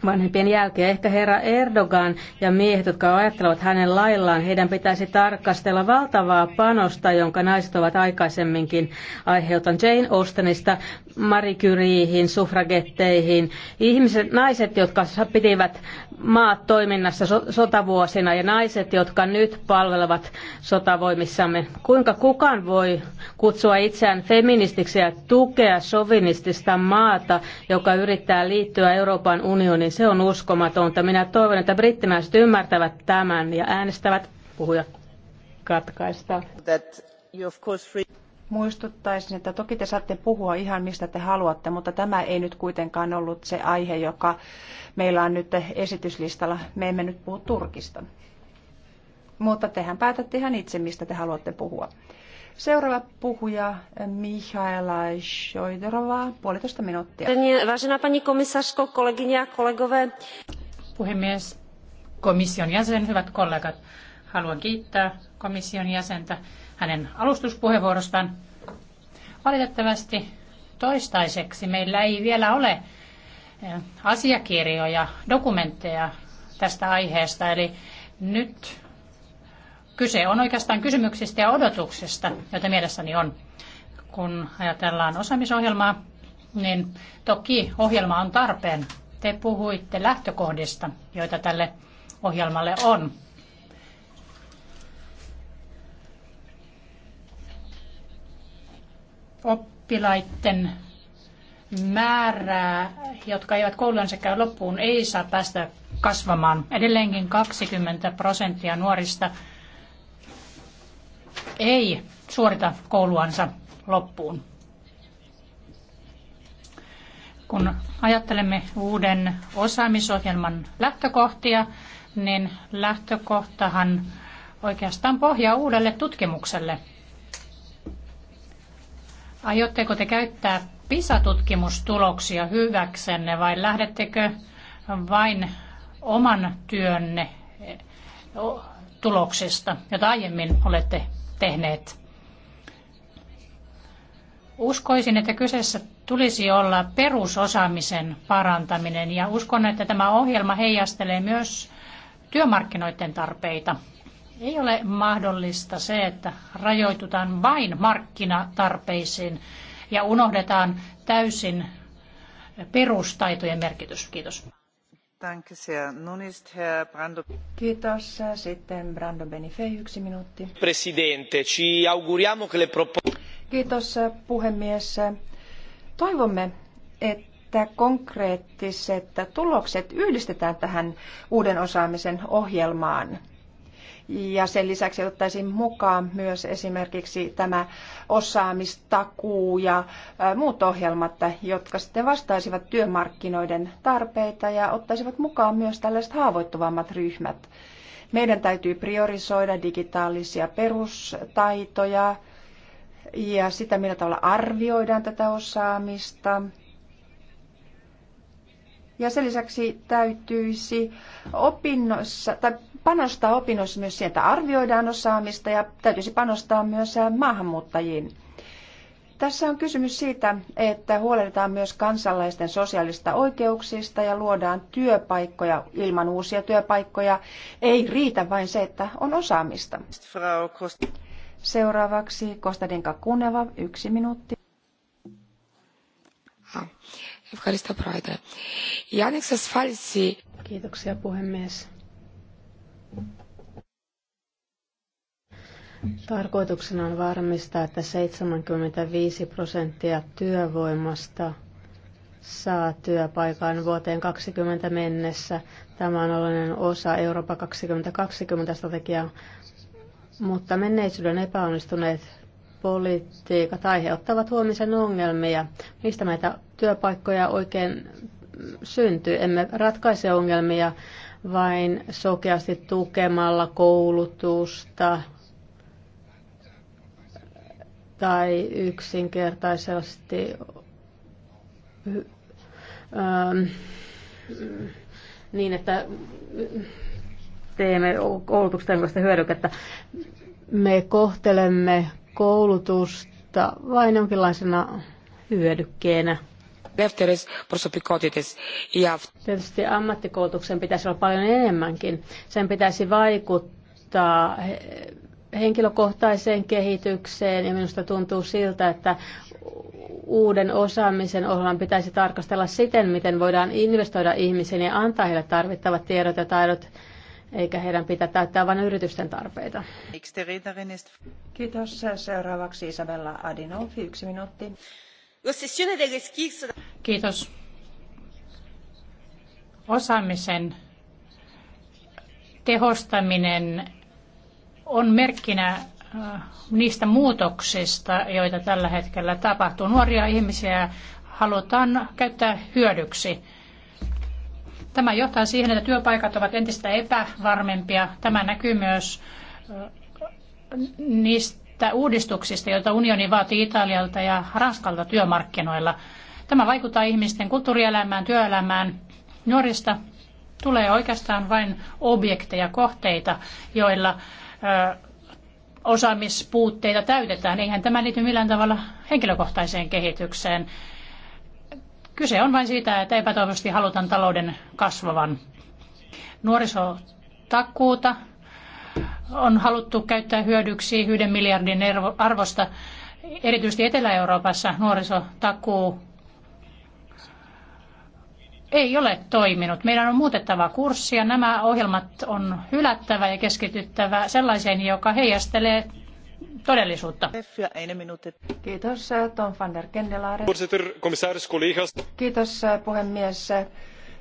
vanhempien jälkeen. Ehkä herra Erdogan ja miehet, jotka ajattelevat hänen laillaan, heidän pitäisi tarkastella valtavaa panosta, jonka naiset ovat aikaisemminkin aiheuttaneet Jane Austenista, Marie Curiehin, suffragetteihin. Ihmiset, naiset, jotka pitivät maat toiminnassa so- sotavuosina ja naiset, jotka nyt palvelevat sotavoimissamme. Kuinka kukaan voi kutsua itseään feministiksi ja tukea sovinistista maata, joka yrittää liittyä Euroopan unionin niin se on uskomatonta. Minä toivon, että brittiläiset ymmärtävät tämän ja äänestävät. Puhuja katkaista. Muistuttaisin, että toki te saatte puhua ihan mistä te haluatte, mutta tämä ei nyt kuitenkaan ollut se aihe, joka meillä on nyt esityslistalla. Me emme nyt puhu Turkista. Mutta tehän päätätte ihan itse, mistä te haluatte puhua. Seuraava puhuja Michaela Šojdorova, puolitoista minuuttia. Vážená pani komisarsko, kolegyne ja kollegove. Puhemies, komission jäsen, hyvät kollegat. Haluan kiittää komission jäsentä hänen alustuspuheenvuorostaan. Valitettavasti toistaiseksi meillä ei vielä ole eh, asiakirjoja, dokumentteja tästä aiheesta, eli nyt Kyse on oikeastaan kysymyksistä ja odotuksista, joita mielessäni on. Kun ajatellaan osaamisohjelmaa, niin toki ohjelma on tarpeen. Te puhuitte lähtökohdista, joita tälle ohjelmalle on. Oppilaiden määrää, jotka eivät koulunsa käy loppuun, ei saa päästä kasvamaan. Edelleenkin 20 prosenttia nuorista ei suorita kouluansa loppuun. Kun ajattelemme uuden osaamisohjelman lähtökohtia, niin lähtökohtahan oikeastaan pohjaa uudelle tutkimukselle. Aiotteko te käyttää PISA-tutkimustuloksia hyväksenne vai lähdettekö vain oman työnne tuloksista, jota aiemmin olette tehneet. Uskoisin, että kyseessä tulisi olla perusosaamisen parantaminen ja uskon, että tämä ohjelma heijastelee myös työmarkkinoiden tarpeita. Ei ole mahdollista se, että rajoitutaan vain markkinatarpeisiin ja unohdetaan täysin perustaitojen merkitys. Kiitos arvoisa minuutti. Presidente, propo- puhemies. Toivomme, että konkreettiset tulokset yhdistetään tähän uuden osaamisen ohjelmaan ja sen lisäksi ottaisin mukaan myös esimerkiksi tämä osaamistakuu ja muut ohjelmat, jotka sitten vastaisivat työmarkkinoiden tarpeita ja ottaisivat mukaan myös tällaiset haavoittuvammat ryhmät. Meidän täytyy priorisoida digitaalisia perustaitoja ja sitä, millä tavalla arvioidaan tätä osaamista – ja sen lisäksi täytyisi opinnoissa, tai panostaa opinnoissa myös sieltä arvioidaan osaamista ja täytyisi panostaa myös maahanmuuttajiin. Tässä on kysymys siitä, että huolehditaan myös kansalaisten sosiaalista oikeuksista ja luodaan työpaikkoja ilman uusia työpaikkoja. Ei riitä vain se, että on osaamista. Seuraavaksi Kostadinka Kuneva, yksi minuutti. Ah. Ευχαριστώ, Πρόεδρε. Η ανεξασφάλιση... Tarkoituksena on varmistaa, että 75 prosenttia työvoimasta saa työpaikan vuoteen 2020 mennessä. Tämä on ollut osa Eurooppa 2020 strategiaa, mutta menneisyyden epäonnistuneet politiikat aiheuttavat huomisen ongelmia. Mistä näitä työpaikkoja oikein syntyy? Emme ratkaise ongelmia vain sokeasti tukemalla koulutusta tai yksinkertaisesti ähm, niin, että teemme koulutuksesta hyödykettä. Me kohtelemme koulutusta vain jonkinlaisena hyödykkeenä. Tietysti ammattikoulutuksen pitäisi olla paljon enemmänkin. Sen pitäisi vaikuttaa henkilökohtaiseen kehitykseen ja minusta tuntuu siltä, että uuden osaamisen ohjelman pitäisi tarkastella siten, miten voidaan investoida ihmisiin ja antaa heille tarvittavat tiedot ja taidot eikä heidän pitää täyttää vain yritysten tarpeita. Kiitos. Seuraavaksi Isabella Adinolfi, yksi minuutti. Kiitos. Osaamisen tehostaminen on merkkinä äh, niistä muutoksista, joita tällä hetkellä tapahtuu. Nuoria ihmisiä halutaan käyttää hyödyksi. Tämä johtaa siihen, että työpaikat ovat entistä epävarmempia. Tämä näkyy myös niistä uudistuksista, joita unioni vaatii Italialta ja Ranskalta työmarkkinoilla. Tämä vaikuttaa ihmisten kulttuurielämään, työelämään. Nuorista tulee oikeastaan vain objekteja, kohteita, joilla osaamispuutteita täytetään. Eihän tämä liity millään tavalla henkilökohtaiseen kehitykseen. Kyse on vain siitä, että epätoivosti halutaan talouden kasvavan. Nuorisotakuuta on haluttu käyttää hyödyksi yhden miljardin arvosta. Erityisesti Etelä-Euroopassa nuorisotakuu ei ole toiminut. Meidän on muutettava kurssia. Nämä ohjelmat on hylättävä ja keskityttävä sellaiseen, joka heijastelee todellisuutta. Kiitos Tom van der Kendelare. Kiitos puhemies.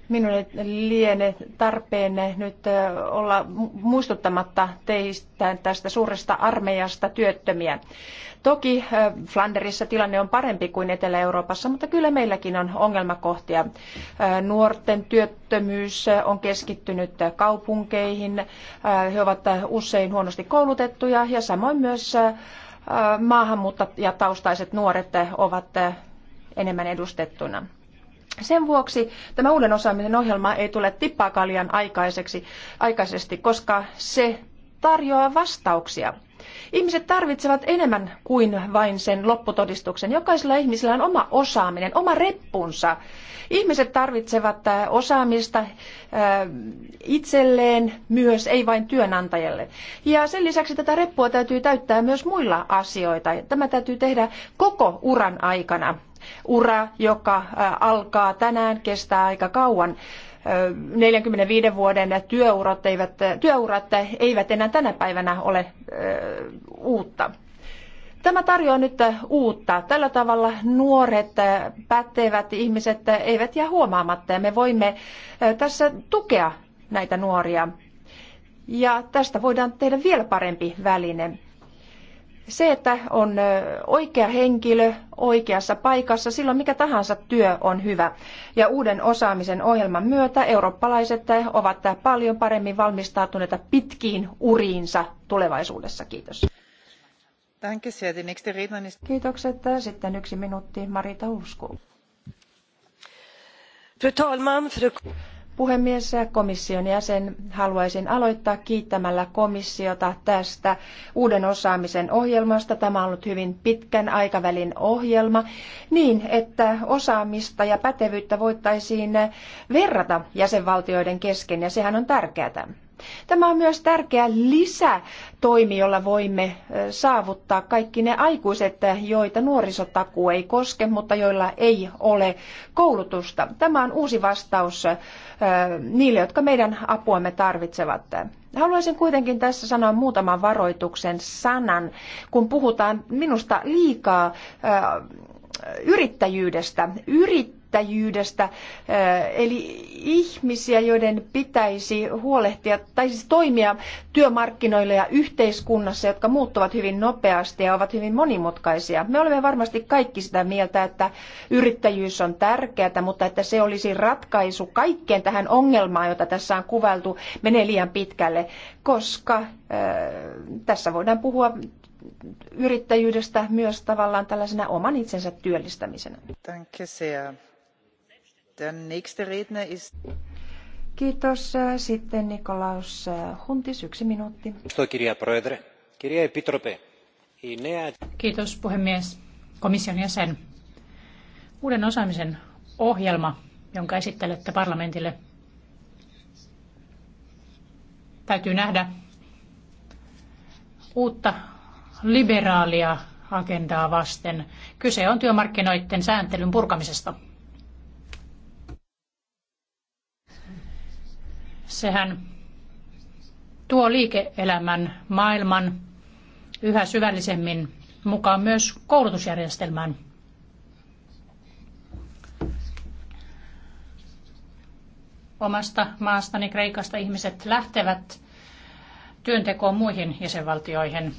Minulle liene tarpeen nyt olla muistuttamatta teistä tästä suuresta armeijasta työttömiä. Toki Flanderissa tilanne on parempi kuin Etelä-Euroopassa, mutta kyllä meilläkin on ongelmakohtia. Nuorten työttömyys on keskittynyt kaupunkeihin, he ovat usein huonosti koulutettuja ja samoin myös maahanmuuttajataustaiset nuoret ovat enemmän edustettuna. Sen vuoksi tämä uuden osaamisen ohjelma ei tule tippaakaan liian aikaiseksi, aikaisesti, koska se tarjoaa vastauksia. Ihmiset tarvitsevat enemmän kuin vain sen lopputodistuksen. Jokaisella ihmisellä on oma osaaminen, oma reppunsa. Ihmiset tarvitsevat äh, osaamista äh, itselleen myös, ei vain työnantajalle. Ja sen lisäksi tätä reppua täytyy täyttää myös muilla asioita. Tämä täytyy tehdä koko uran aikana ura, joka alkaa tänään, kestää aika kauan. 45 vuoden työurat eivät, työurat eivät enää tänä päivänä ole uutta. Tämä tarjoaa nyt uutta. Tällä tavalla nuoret, pätevät ihmiset eivät jää huomaamatta ja me voimme tässä tukea näitä nuoria. Ja tästä voidaan tehdä vielä parempi väline. Se, että on oikea henkilö oikeassa paikassa, silloin mikä tahansa työ on hyvä. Ja uuden osaamisen ohjelman myötä eurooppalaiset ovat paljon paremmin valmistautuneita pitkiin uriinsa tulevaisuudessa. Kiitos. Kiitokset. Sitten yksi minuutti Marita Usku. Fru talman, fru... Puhemies ja komission jäsen, haluaisin aloittaa kiittämällä komissiota tästä uuden osaamisen ohjelmasta. Tämä on ollut hyvin pitkän aikavälin ohjelma niin, että osaamista ja pätevyyttä voitaisiin verrata jäsenvaltioiden kesken ja sehän on tärkeää. Tämä on myös tärkeä lisätoimi, jolla voimme saavuttaa kaikki ne aikuiset, joita nuorisotakuu ei koske, mutta joilla ei ole koulutusta. Tämä on uusi vastaus niille, jotka meidän apuamme tarvitsevat. Haluaisin kuitenkin tässä sanoa muutaman varoituksen sanan, kun puhutaan minusta liikaa yrittäjyydestä. Yrit yrittäjyydestä, eli ihmisiä, joiden pitäisi huolehtia tai siis toimia työmarkkinoilla ja yhteiskunnassa, jotka muuttuvat hyvin nopeasti ja ovat hyvin monimutkaisia. Me olemme varmasti kaikki sitä mieltä, että yrittäjyys on tärkeää, mutta että se olisi ratkaisu kaikkeen tähän ongelmaan, jota tässä on kuvailtu, menee liian pitkälle, koska äh, tässä voidaan puhua yrittäjyydestä myös tavallaan tällaisena oman itsensä työllistämisenä. Kiitos. Sitten Nikolaus Huntis, yksi minuutti. Kiitos puhemies, komission jäsen. Uuden osaamisen ohjelma, jonka esittelette parlamentille, täytyy nähdä uutta liberaalia agendaa vasten. Kyse on työmarkkinoiden sääntelyn purkamisesta. Sehän tuo liike-elämän maailman yhä syvällisemmin mukaan myös koulutusjärjestelmään. Omasta maastani Kreikasta ihmiset lähtevät työntekoon muihin jäsenvaltioihin.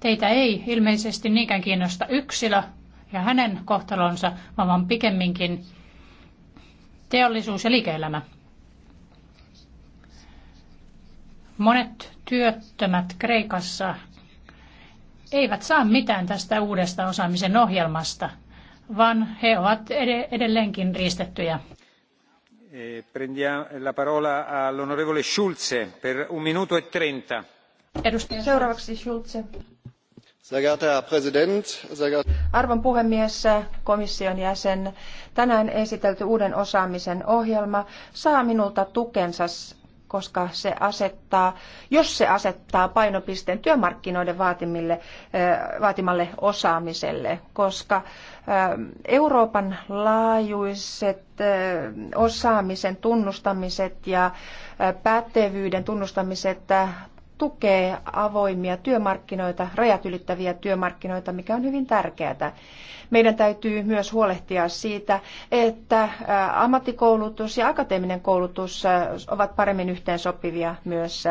Teitä ei ilmeisesti niinkään kiinnosta yksilö ja hänen kohtalonsa, vaan pikemminkin teollisuus ja liike-elämä. Monet työttömät Kreikassa eivät saa mitään tästä uudesta osaamisen ohjelmasta, vaan he ovat edelleenkin riistettyjä. Eh, Prendiamo la parola all'onorevole Schulze per un minuto e trenta. Edustaja seuraavaksi Schulze. Arvon puhemies, komission jäsen, tänään esitelty uuden osaamisen ohjelma saa minulta tukensa, koska se asettaa, jos se asettaa painopisteen työmarkkinoiden vaatimille, vaatimalle osaamiselle, koska Euroopan laajuiset osaamisen tunnustamiset ja pätevyyden tunnustamiset tukee avoimia työmarkkinoita, rajat ylittäviä työmarkkinoita, mikä on hyvin tärkeää. Meidän täytyy myös huolehtia siitä, että ammattikoulutus ja akateeminen koulutus ovat paremmin yhteensopivia myös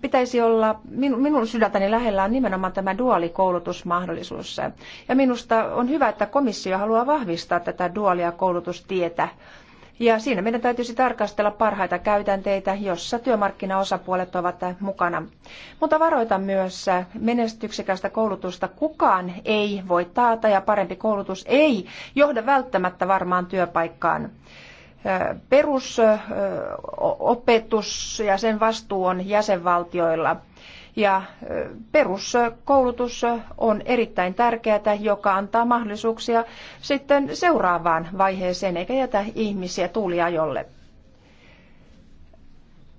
pitäisi olla, minun, minun sydäntäni lähellä on nimenomaan tämä duaalikoulutusmahdollisuus. Ja minusta on hyvä, että komissio haluaa vahvistaa tätä duaalia koulutustietä ja siinä meidän täytyisi tarkastella parhaita käytänteitä, jossa työmarkkinaosapuolet ovat mukana. Mutta varoita myös menestyksekästä koulutusta kukaan ei voi taata ja parempi koulutus ei johda välttämättä varmaan työpaikkaan perusopetus ja sen vastuu on jäsenvaltioilla. Ja peruskoulutus on erittäin tärkeää, joka antaa mahdollisuuksia sitten seuraavaan vaiheeseen eikä jätä ihmisiä tuuliajolle.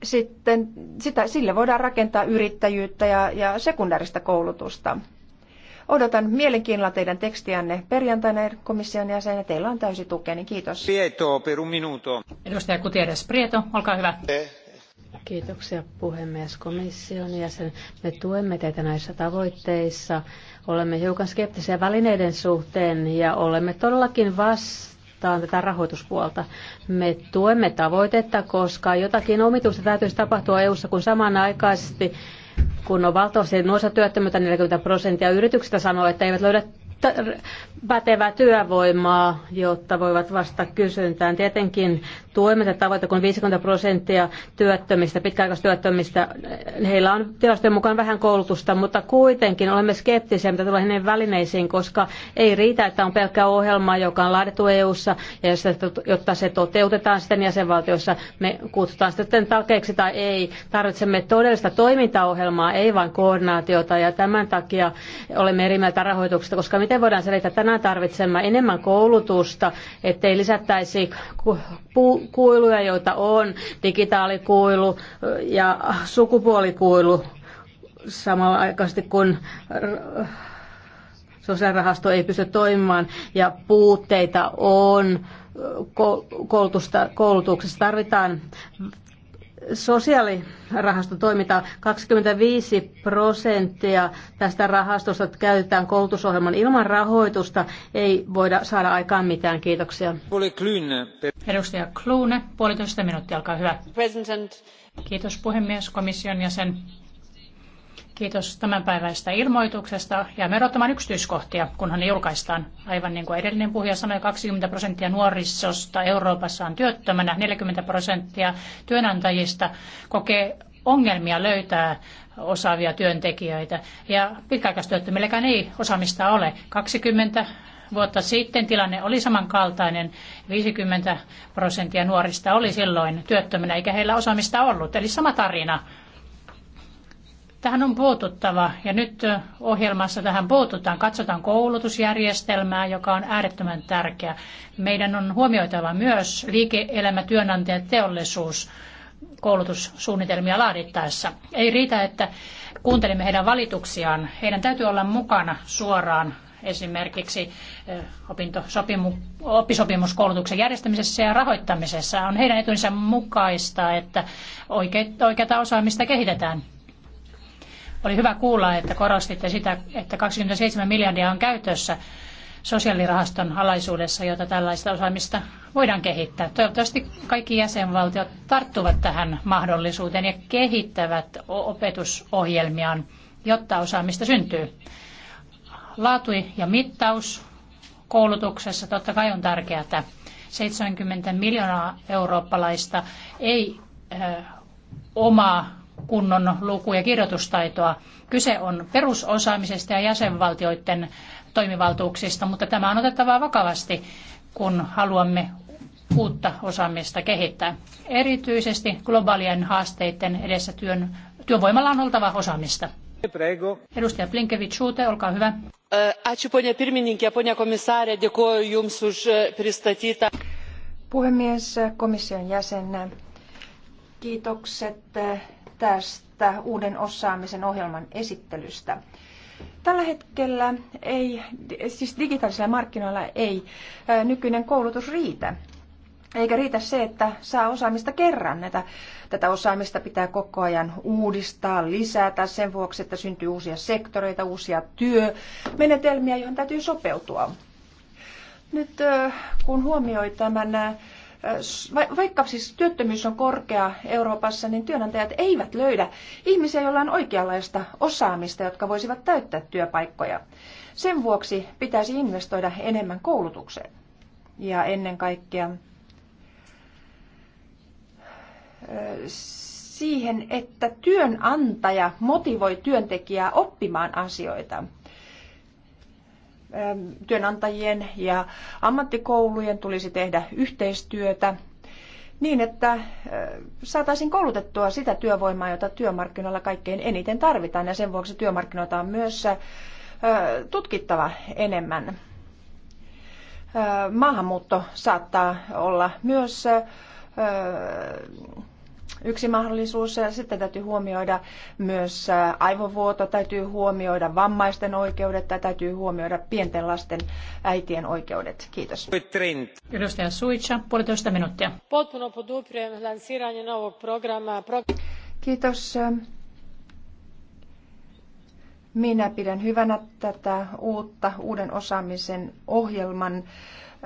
Sitten sitä, sille voidaan rakentaa yrittäjyyttä ja, ja sekundääristä koulutusta. Odotan mielenkiinnolla teidän tekstiänne perjantaina komission jäsenä. teillä on täysi tukeni. Kiitos. Prieto per un minuto. Edustaja Kutiedes Prieto, olkaa hyvä. Eh Kiitoksia puhemies komission jäsen. Me tuemme teitä näissä tavoitteissa. Olemme hiukan skeptisiä välineiden suhteen ja olemme todellakin vastaan tätä rahoituspuolta. Me tuemme tavoitetta, koska jotakin omituista täytyisi tapahtua EU-ssa, kun samanaikaisesti kun on valtavasti työttömyyttä 40 prosenttia yrityksistä sanoo, että eivät löydä pätevää työvoimaa, jotta voivat vastata kysyntään. Tietenkin tuemme tätä tavoitetta, kun 50 prosenttia työttömistä, pitkäaikaistyöttömistä, heillä on tilastojen mukaan vähän koulutusta, mutta kuitenkin olemme skeptisiä, mitä tulee hänen välineisiin, koska ei riitä, että on pelkkä ohjelma, joka on laadittu EU-ssa, ja jotta se toteutetaan sitten jäsenvaltiossa, me kutsutaan sitten takeeksi tai ei. Tarvitsemme todellista toimintaohjelmaa, ei vain koordinaatiota, ja tämän takia olemme eri mieltä rahoituksesta, koska miten voidaan selittää, tänään tarvitsemme enemmän koulutusta, ettei lisättäisi kuiluja, joita on, digitaalikuilu ja sukupuolikuilu samalla aikaisesti kun sosiaalirahasto ei pysty toimimaan ja puutteita on koulutuksessa. Tarvitaan sosiaalirahaston toimintaa. 25 prosenttia tästä rahastosta käytetään koulutusohjelman ilman rahoitusta. Ei voida saada aikaan mitään. Kiitoksia. Edustaja Kluune, puolitoista minuuttia, alkaa hyvä. President. Kiitos puhemies, komission jäsen. Kiitos tämänpäiväistä ilmoituksesta. ja odottamaan yksityiskohtia, kunhan ne julkaistaan. Aivan niin kuin edellinen puhuja sanoi, 20 prosenttia nuorisosta Euroopassa on työttömänä, 40 prosenttia työnantajista kokee ongelmia löytää osaavia työntekijöitä. Ja pitkäaikaistyöttömilläkään ei osaamista ole. 20 vuotta sitten tilanne oli samankaltainen. 50 prosenttia nuorista oli silloin työttömänä, eikä heillä osaamista ollut. Eli sama tarina Tähän on puututtava ja nyt ohjelmassa tähän puututaan. Katsotaan koulutusjärjestelmää, joka on äärettömän tärkeä. Meidän on huomioitava myös liike-elämä, työnantajat, teollisuus koulutussuunnitelmia laadittaessa. Ei riitä, että kuuntelimme heidän valituksiaan. Heidän täytyy olla mukana suoraan esimerkiksi oppisopimuskoulutuksen järjestämisessä ja rahoittamisessa. On heidän etunsa mukaista, että oikeita osaamista kehitetään. Oli hyvä kuulla, että korostitte sitä, että 27 miljardia on käytössä sosiaalirahaston alaisuudessa, jota tällaista osaamista voidaan kehittää. Toivottavasti kaikki jäsenvaltiot tarttuvat tähän mahdollisuuteen ja kehittävät opetusohjelmiaan, jotta osaamista syntyy. Laatu ja mittaus koulutuksessa totta kai on tärkeää. 70 miljoonaa eurooppalaista ei äh, omaa kunnon luku- ja kirjoitustaitoa. Kyse on perusosaamisesta ja jäsenvaltioiden toimivaltuuksista, mutta tämä on otettava vakavasti, kun haluamme uutta osaamista kehittää. Erityisesti globaalien haasteiden edessä työn, työvoimalla on oltava osaamista. Edustaja Plinkevich, suute, olkaa hyvä. Eh, ačiū, ponia pirmininkė, ponia komisarė, dėkuoju Jums už eh, pristatytą. Puhemies, komission jäsen, kiitokset eh, tästä uuden osaamisen ohjelman esittelystä. Tällä hetkellä ei, siis digitaalisilla markkinoilla ei nykyinen koulutus riitä. Eikä riitä se, että saa osaamista kerran. Näitä, tätä osaamista pitää koko ajan uudistaa, lisätä sen vuoksi, että syntyy uusia sektoreita, uusia työmenetelmiä, joihin täytyy sopeutua. Nyt kun huomioi tämän vaikka siis työttömyys on korkea Euroopassa, niin työnantajat eivät löydä ihmisiä, joilla on oikeanlaista osaamista, jotka voisivat täyttää työpaikkoja. Sen vuoksi pitäisi investoida enemmän koulutukseen. Ja ennen kaikkea siihen, että työnantaja motivoi työntekijää oppimaan asioita työnantajien ja ammattikoulujen tulisi tehdä yhteistyötä niin, että saataisiin koulutettua sitä työvoimaa, jota työmarkkinoilla kaikkein eniten tarvitaan, ja sen vuoksi työmarkkinoita on myös tutkittava enemmän. Maahanmuutto saattaa olla myös yksi mahdollisuus. Sitten täytyy huomioida myös aivovuoto, täytyy huomioida vammaisten oikeudet tai täytyy huomioida pienten lasten äitien oikeudet. Kiitos. Edustaja Suitsa, puolitoista minuuttia. Kiitos. Minä pidän hyvänä tätä uutta uuden osaamisen ohjelman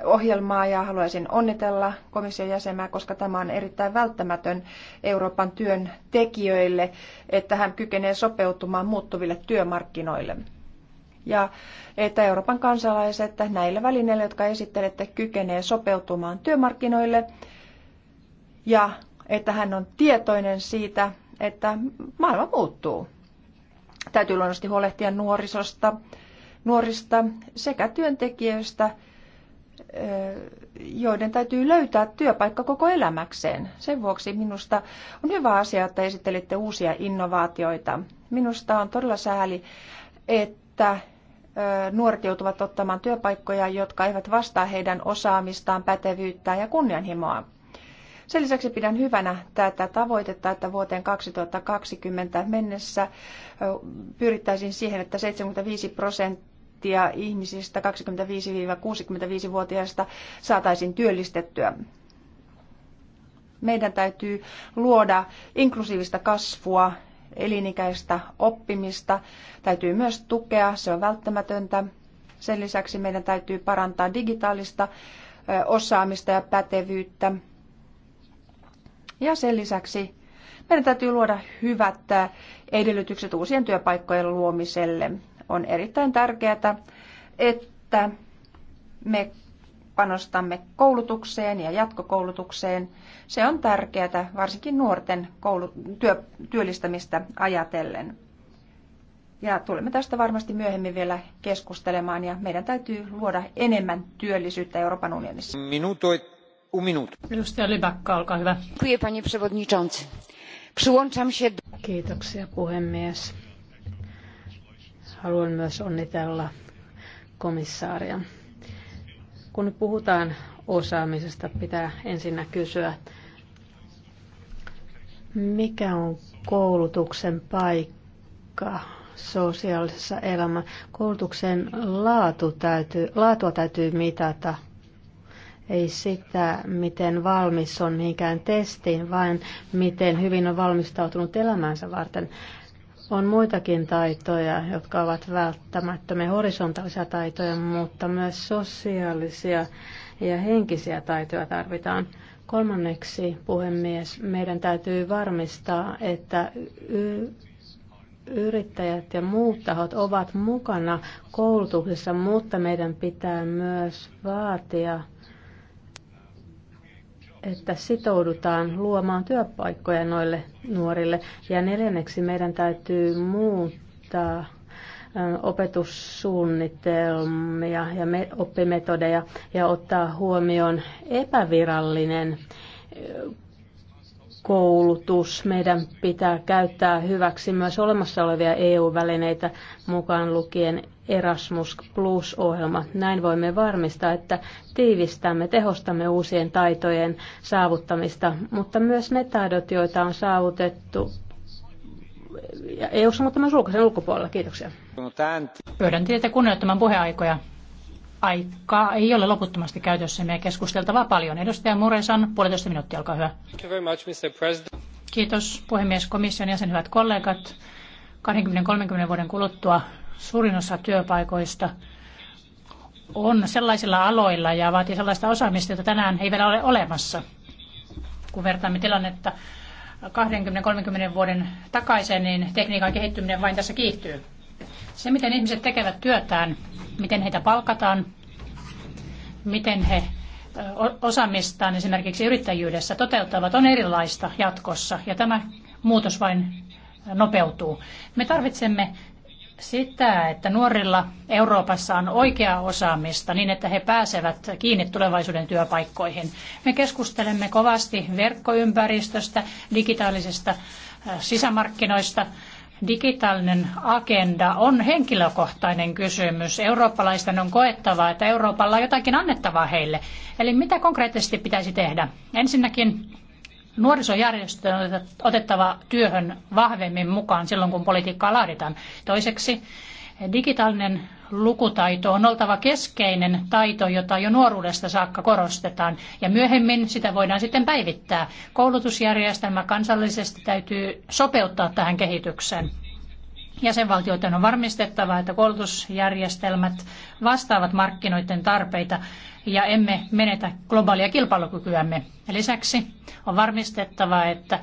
ohjelmaa ja haluaisin onnitella komission jäsenää, koska tämä on erittäin välttämätön Euroopan työn tekijöille, että hän kykenee sopeutumaan muuttuville työmarkkinoille. Ja että Euroopan kansalaiset näillä välineillä, jotka esittelette, kykenee sopeutumaan työmarkkinoille ja että hän on tietoinen siitä, että maailma muuttuu. Täytyy luonnollisesti huolehtia nuorisosta, nuorista sekä työntekijöistä – joiden täytyy löytää työpaikka koko elämäkseen. Sen vuoksi minusta on hyvä asia, että esittelitte uusia innovaatioita. Minusta on todella sääli, että nuoret joutuvat ottamaan työpaikkoja, jotka eivät vastaa heidän osaamistaan, pätevyyttään ja kunnianhimoa. Sen lisäksi pidän hyvänä tätä tavoitetta, että vuoteen 2020 mennessä pyrittäisiin siihen, että 75 prosenttia prosenttia ihmisistä 25-65-vuotiaista saataisiin työllistettyä. Meidän täytyy luoda inklusiivista kasvua, elinikäistä oppimista. Täytyy myös tukea, se on välttämätöntä. Sen lisäksi meidän täytyy parantaa digitaalista osaamista ja pätevyyttä. Ja sen lisäksi meidän täytyy luoda hyvät edellytykset uusien työpaikkojen luomiselle. On erittäin tärkeää, että me panostamme koulutukseen ja jatkokoulutukseen. Se on tärkeää varsinkin nuorten koulu- työ- työllistämistä ajatellen. Ja tulemme tästä varmasti myöhemmin vielä keskustelemaan ja meidän täytyy luoda enemmän työllisyyttä Euroopan unionissa. Minuto, minuutti. Edustaja Libakka, olkaa hyvä. Kiitoksia puhemies Haluan myös onnitella komissaaria. Kun puhutaan osaamisesta, pitää ensinnä kysyä, mikä on koulutuksen paikka sosiaalisessa elämässä? Koulutuksen laatu täytyy, laatua täytyy mitata ei sitä, miten valmis on mihinkään testiin, vaan miten hyvin on valmistautunut elämänsä varten. On muitakin taitoja, jotka ovat välttämättömiä horisontaalisia taitoja, mutta myös sosiaalisia ja henkisiä taitoja tarvitaan. Kolmanneksi, puhemies, meidän täytyy varmistaa, että yrittäjät ja muut tahot ovat mukana koulutuksessa, mutta meidän pitää myös vaatia että sitoudutaan luomaan työpaikkoja noille nuorille. Ja neljänneksi meidän täytyy muuttaa opetussuunnitelmia ja oppimetodeja ja ottaa huomioon epävirallinen koulutus. Meidän pitää käyttää hyväksi myös olemassa olevia EU-välineitä mukaan lukien Erasmus Plus-ohjelma. Näin voimme varmistaa, että tiivistämme, tehostamme uusien taitojen saavuttamista, mutta myös ne taidot, joita on saavutettu EU-ssa, mutta myös ulkoisen ulkopuolella. Kiitoksia. Pyydän teitä kunnioittamaan puheaikoja. Aikaa ei ole loputtomasti käytössä. Me keskusteltavaa paljon. Edustaja Muresan, puolitoista minuuttia, olkaa hyvä. Kiitos puhemies, komission jäsen, hyvät kollegat. 20-30 vuoden kuluttua Suurin osa työpaikoista on sellaisilla aloilla ja vaatii sellaista osaamista, jota tänään ei vielä ole olemassa. Kun vertaamme tilannetta 20-30 vuoden takaisin, niin tekniikan kehittyminen vain tässä kiihtyy. Se, miten ihmiset tekevät työtään, miten heitä palkataan, miten he osaamistaan esimerkiksi yrittäjyydessä toteuttavat, on erilaista jatkossa ja tämä muutos vain nopeutuu. Me tarvitsemme sitä, että nuorilla Euroopassa on oikeaa osaamista niin, että he pääsevät kiinni tulevaisuuden työpaikkoihin. Me keskustelemme kovasti verkkoympäristöstä, digitaalisesta äh, sisämarkkinoista. Digitaalinen agenda on henkilökohtainen kysymys. Eurooppalaisten on koettava, että Euroopalla on jotakin annettavaa heille. Eli mitä konkreettisesti pitäisi tehdä? Ensinnäkin on otettava työhön vahvemmin mukaan silloin, kun politiikkaa laaditaan. Toiseksi digitaalinen lukutaito on oltava keskeinen taito, jota jo nuoruudesta saakka korostetaan, ja myöhemmin sitä voidaan sitten päivittää. Koulutusjärjestelmä kansallisesti täytyy sopeuttaa tähän kehitykseen. Jäsenvaltioiden on varmistettava, että koulutusjärjestelmät vastaavat markkinoiden tarpeita ja emme menetä globaalia kilpailukykyämme. Lisäksi on varmistettava, että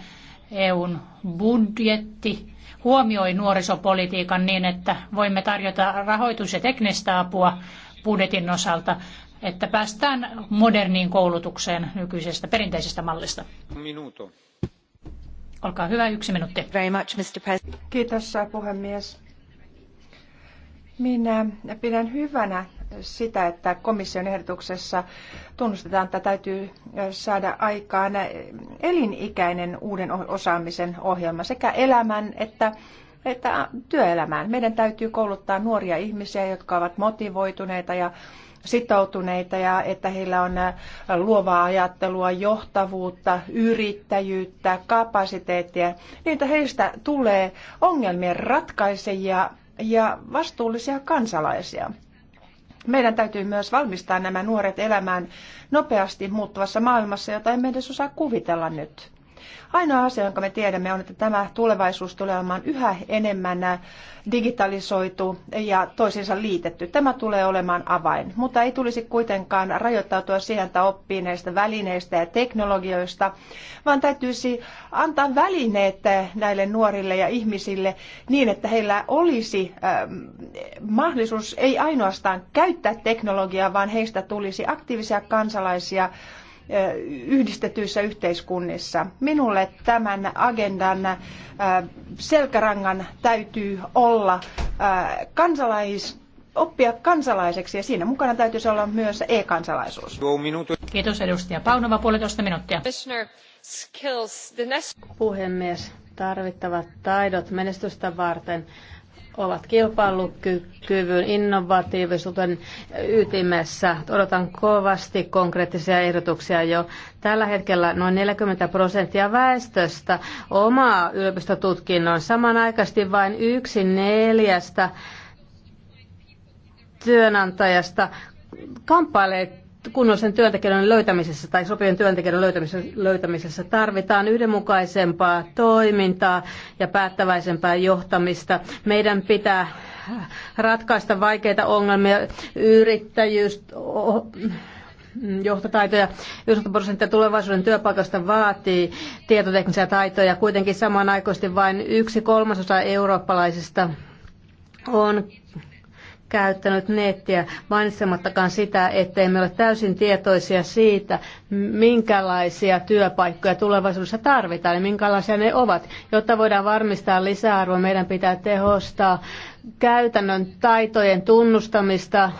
EUn budjetti huomioi nuorisopolitiikan niin, että voimme tarjota rahoitus- ja teknistä apua budjetin osalta, että päästään moderniin koulutukseen nykyisestä perinteisestä mallista. Olkaa hyvä, yksi minuutti. Very much, Kiitos, puhemies. Minä pidän hyvänä sitä, että komission ehdotuksessa tunnustetaan, että täytyy saada aikaan elinikäinen uuden osaamisen ohjelma sekä elämän että, että työelämään. Meidän täytyy kouluttaa nuoria ihmisiä, jotka ovat motivoituneita ja sitoutuneita ja että heillä on luovaa ajattelua, johtavuutta, yrittäjyyttä, kapasiteettia. Niin että heistä tulee ongelmien ratkaisijia ja vastuullisia kansalaisia. Meidän täytyy myös valmistaa nämä nuoret elämään nopeasti muuttuvassa maailmassa, jota emme edes osaa kuvitella nyt. Ainoa asia, jonka me tiedämme, on, että tämä tulevaisuus tulee olemaan yhä enemmän digitalisoitu ja toisiinsa liitetty. Tämä tulee olemaan avain, mutta ei tulisi kuitenkaan rajoittautua siihen, että oppii näistä välineistä ja teknologioista, vaan täytyisi antaa välineet näille nuorille ja ihmisille niin, että heillä olisi ähm, mahdollisuus ei ainoastaan käyttää teknologiaa, vaan heistä tulisi aktiivisia kansalaisia, yhdistetyissä yhteiskunnissa. Minulle tämän agendan selkärangan täytyy olla kansalais, oppia kansalaiseksi ja siinä mukana täytyisi olla myös e-kansalaisuus. Kiitos edustaja Paunova, puolitoista minuuttia. Puhemies, tarvittavat taidot menestystä varten ovat kilpailukyvyn, innovatiivisuuden ytimessä. Odotan kovasti konkreettisia ehdotuksia jo. Tällä hetkellä noin 40 prosenttia väestöstä omaa yliopistotutkinnon. Samanaikaisesti vain yksi neljästä työnantajasta kamppailee kunnollisen työntekijöiden löytämisessä tai sopivien työntekijöiden löytämisessä, löytämisessä tarvitaan yhdenmukaisempaa toimintaa ja päättäväisempää johtamista. Meidän pitää ratkaista vaikeita ongelmia, yrittäjyys, johtotaitoja. 90 prosenttia tulevaisuuden työpaikasta vaatii tietoteknisiä taitoja. Kuitenkin samanaikaisesti vain yksi kolmasosa eurooppalaisista on käyttänyt nettiä, mainitsemattakaan sitä, ettei me ole täysin tietoisia siitä, minkälaisia työpaikkoja tulevaisuudessa tarvitaan ja minkälaisia ne ovat. Jotta voidaan varmistaa lisäarvoa, meidän pitää tehostaa käytännön taitojen tunnustamista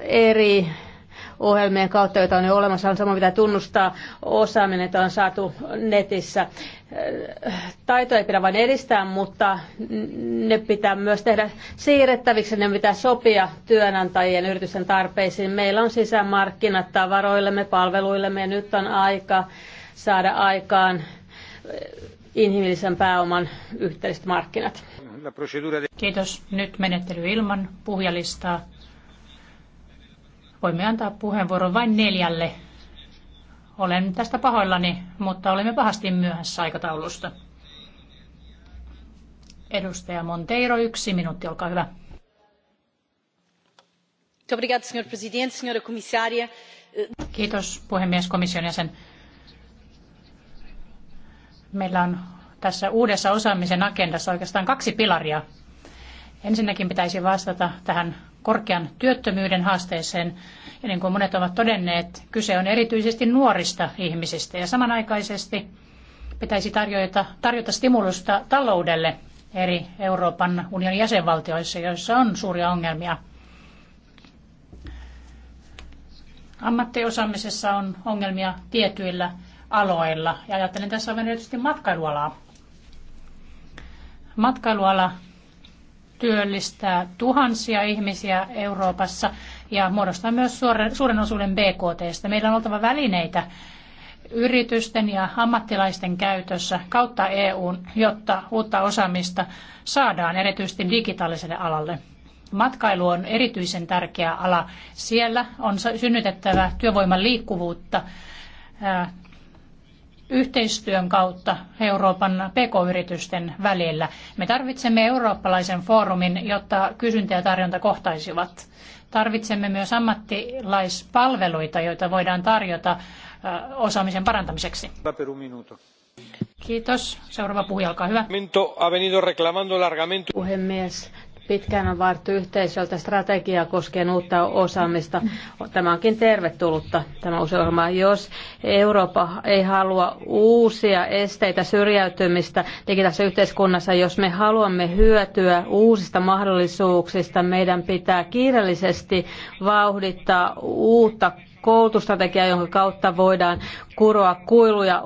eri ohjelmien kautta, joita on jo olemassa, on sama mitä tunnustaa osaaminen, että on saatu netissä. Taitoja ei pidä vain edistää, mutta ne pitää myös tehdä siirrettäviksi, ne pitää sopia työnantajien yritysten tarpeisiin. Meillä on sisämarkkinat tavaroillemme, palveluillemme ja nyt on aika saada aikaan inhimillisen pääoman yhteiset markkinat. Kiitos. Nyt menettely ilman puhujalistaa. Voimme antaa puheenvuoron vain neljälle. Olen tästä pahoillani, mutta olemme pahasti myöhässä aikataulusta. Edustaja Monteiro, yksi minuutti, olkaa hyvä. Kiitos puhemies komission jäsen. Meillä on tässä uudessa osaamisen agendassa oikeastaan kaksi pilaria. Ensinnäkin pitäisi vastata tähän korkean työttömyyden haasteeseen. Ja niin kuin monet ovat todenneet, kyse on erityisesti nuorista ihmisistä ja samanaikaisesti pitäisi tarjota, tarjota stimulusta taloudelle eri Euroopan unionin jäsenvaltioissa, joissa on suuria ongelmia. Ammattiosaamisessa on ongelmia tietyillä aloilla ja ajattelen tässä on erityisesti matkailualaa. Matkailuala työllistää tuhansia ihmisiä Euroopassa ja muodostaa myös suuren osuuden BKTstä. Meillä on oltava välineitä yritysten ja ammattilaisten käytössä kautta EUn, jotta uutta osaamista saadaan erityisesti digitaaliselle alalle. Matkailu on erityisen tärkeä ala. Siellä on synnytettävä työvoiman liikkuvuutta yhteistyön kautta Euroopan pk-yritysten välillä. Me tarvitsemme eurooppalaisen foorumin, jotta kysyntä ja tarjonta kohtaisivat. Tarvitsemme myös ammattilaispalveluita, joita voidaan tarjota osaamisen parantamiseksi. Kiitos. Seuraava puhuja, olkaa hyvä. Puhemies, Pitkään on vaadittu yhteisöltä strategiaa koskien uutta osaamista. Tämä onkin tervetullutta, tämä uusi ohjelma. Jos Eurooppa ei halua uusia esteitä syrjäytymistä digitaalisessa yhteiskunnassa, jos me haluamme hyötyä uusista mahdollisuuksista, meidän pitää kiireellisesti vauhdittaa uutta koulutusstrategiaa, jonka kautta voidaan kuroa kuiluja,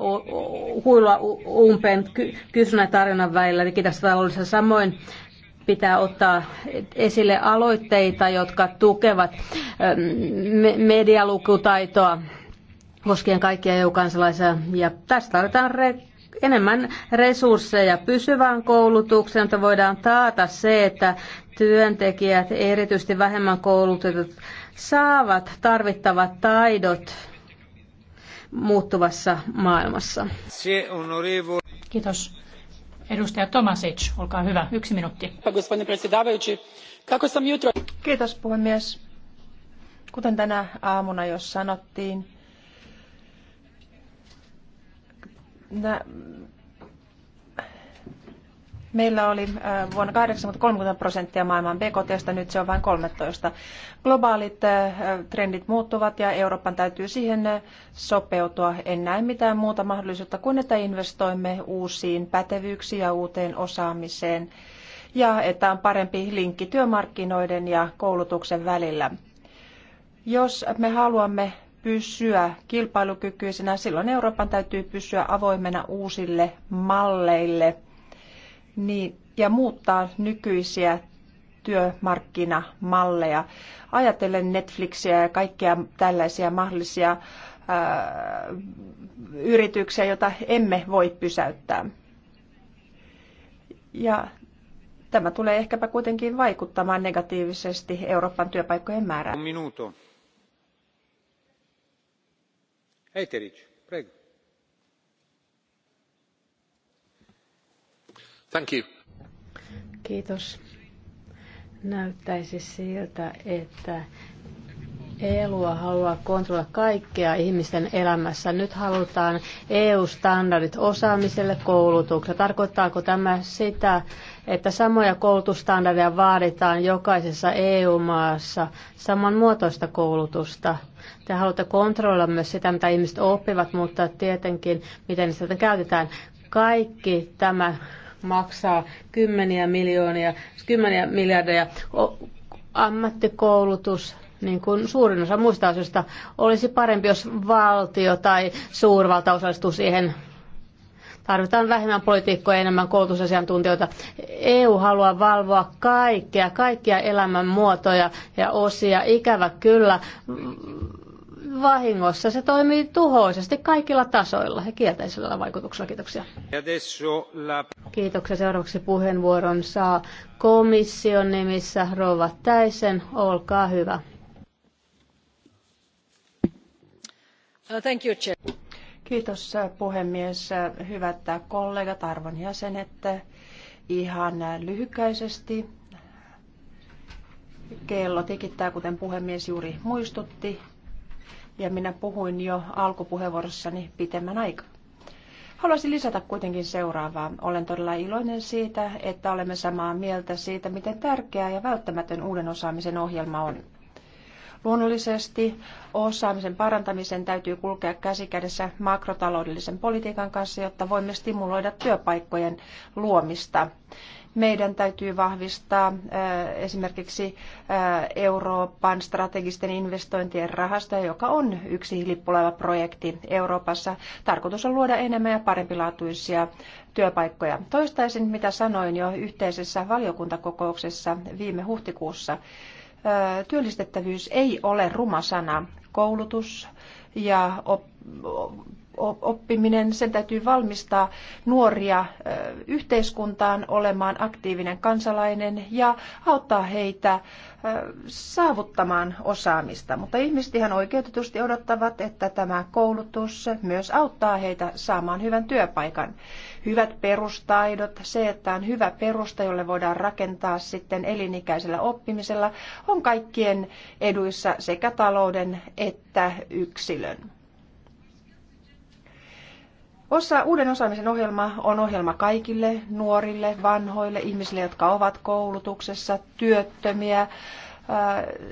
kuilua umpeen kysynnän ja tarjonnan välillä digitaalisessa taloudessa. Samoin pitää ottaa esille aloitteita, jotka tukevat ähm, medialukutaitoa koskien kaikkia EU-kansalaisia. Ja tästä tarvitaan re- enemmän resursseja pysyvään koulutukseen, että voidaan taata se, että työntekijät, erityisesti vähemmän koulutetut, saavat tarvittavat taidot muuttuvassa maailmassa. Kiitos. Edustaja Tomasic, olkaa hyvä. Yksi minuutti. Kiitos puhemies. Kuten tänä aamuna jo sanottiin, Meillä oli äh, vuonna 80 prosenttia maailman BKT, nyt se on vain 13. Globaalit äh, trendit muuttuvat ja Euroopan täytyy siihen äh, sopeutua. En näe mitään muuta mahdollisuutta kuin, että investoimme uusiin pätevyyksiin ja uuteen osaamiseen ja että on parempi linkki työmarkkinoiden ja koulutuksen välillä. Jos me haluamme pysyä kilpailukykyisenä, silloin Euroopan täytyy pysyä avoimena uusille malleille – niin, ja muuttaa nykyisiä työmarkkinamalleja. Ajatellen Netflixiä ja kaikkia tällaisia mahdollisia ää, yrityksiä, joita emme voi pysäyttää. Ja tämä tulee ehkäpä kuitenkin vaikuttamaan negatiivisesti Euroopan työpaikkojen määrään. Minuto. Eterich, prego. Thank you. Kiitos. Näyttäisi siltä, että EU haluaa kontrolloida kaikkea ihmisten elämässä. Nyt halutaan EU-standardit osaamiselle koulutukselle. Tarkoittaako tämä sitä, että samoja koulutusstandardeja vaaditaan jokaisessa EU-maassa samanmuotoista koulutusta? Te haluatte kontrolloida myös sitä, mitä ihmiset oppivat, mutta tietenkin, miten sitä käytetään. Kaikki tämä maksaa kymmeniä miljoonia, kymmeniä miljardeja. Ammattikoulutus, niin kuin suurin osa muista asioista, olisi parempi, jos valtio tai suurvalta osallistuu siihen Tarvitaan vähemmän politiikkoja ja enemmän koulutusasiantuntijoita. EU haluaa valvoa kaikkea, kaikkia elämän muotoja ja osia. Ikävä kyllä, vahingossa. Se toimii tuhoisesti kaikilla tasoilla ja kielteisellä vaikutuksella. Kiitoksia. Kiitoksia. Seuraavaksi puheenvuoron saa komission nimissä Rova Täisen. Olkaa hyvä. Uh, thank you, Chair. Kiitos uh, puhemies. Uh, hyvät kollegat, arvon jäsenet. Ihan lyhykäisesti kello tikittää, kuten puhemies juuri muistutti ja minä puhuin jo alkupuheenvuorossani pitemmän aikaa. Haluaisin lisätä kuitenkin seuraavaa. Olen todella iloinen siitä, että olemme samaa mieltä siitä, miten tärkeää ja välttämätön uuden osaamisen ohjelma on. Luonnollisesti osaamisen parantamisen täytyy kulkea käsikädessä makrotaloudellisen politiikan kanssa, jotta voimme stimuloida työpaikkojen luomista meidän täytyy vahvistaa äh, esimerkiksi äh, Euroopan strategisten investointien rahastoja, joka on yksi hiilipuleva projekti Euroopassa. Tarkoitus on luoda enemmän ja parempilaatuisia työpaikkoja. Toistaisin, mitä sanoin jo yhteisessä valiokuntakokouksessa viime huhtikuussa. Äh, työllistettävyys ei ole ruma sana. Koulutus ja oppiminen, sen täytyy valmistaa nuoria yhteiskuntaan olemaan aktiivinen kansalainen ja auttaa heitä saavuttamaan osaamista. Mutta ihmiset ihan oikeutetusti odottavat, että tämä koulutus myös auttaa heitä saamaan hyvän työpaikan. Hyvät perustaidot, se, että on hyvä perusta, jolle voidaan rakentaa sitten elinikäisellä oppimisella, on kaikkien eduissa sekä talouden että yksilön. Osa, uuden osaamisen ohjelma on ohjelma kaikille nuorille, vanhoille, ihmisille, jotka ovat koulutuksessa, työttömiä, äh,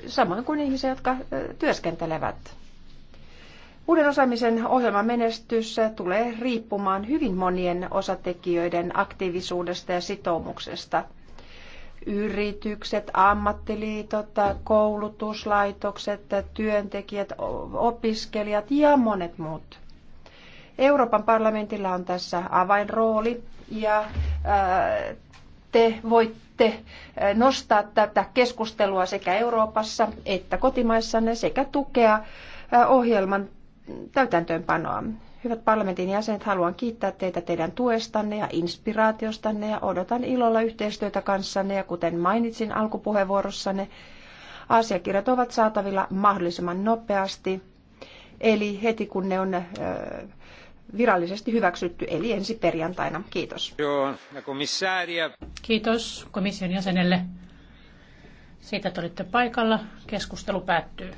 samoin kuin ihmisiä, jotka äh, työskentelevät. Uuden osaamisen ohjelman menestys tulee riippumaan hyvin monien osatekijöiden aktiivisuudesta ja sitoumuksesta. Yritykset, ammattiliitot, koulutuslaitokset, työntekijät, opiskelijat ja monet muut. Euroopan parlamentilla on tässä avainrooli ja äh, te voitte äh, nostaa tätä keskustelua sekä Euroopassa että kotimaissanne sekä tukea äh, ohjelman täytäntöönpanoa. Hyvät parlamentin jäsenet, haluan kiittää teitä teidän tuestanne ja inspiraatiostanne ja odotan ilolla yhteistyötä kanssanne ja kuten mainitsin alkupuheenvuorossanne, asiakirjat ovat saatavilla mahdollisimman nopeasti, eli heti kun ne on virallisesti hyväksytty, eli ensi perjantaina. Kiitos. Kiitos komission jäsenelle siitä, että olitte paikalla. Keskustelu päättyy.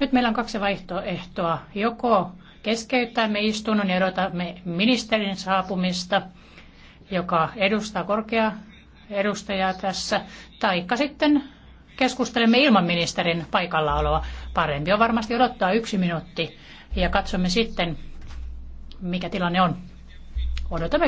Nyt meillä on kaksi vaihtoehtoa. Joko keskeyttämme istunnon ja odotamme ministerin saapumista, joka edustaa korkea edustajaa tässä, taikka sitten keskustelemme ilman ministerin paikallaoloa. Parempi on varmasti odottaa yksi minuutti ja katsomme sitten, mikä tilanne on. Odotamme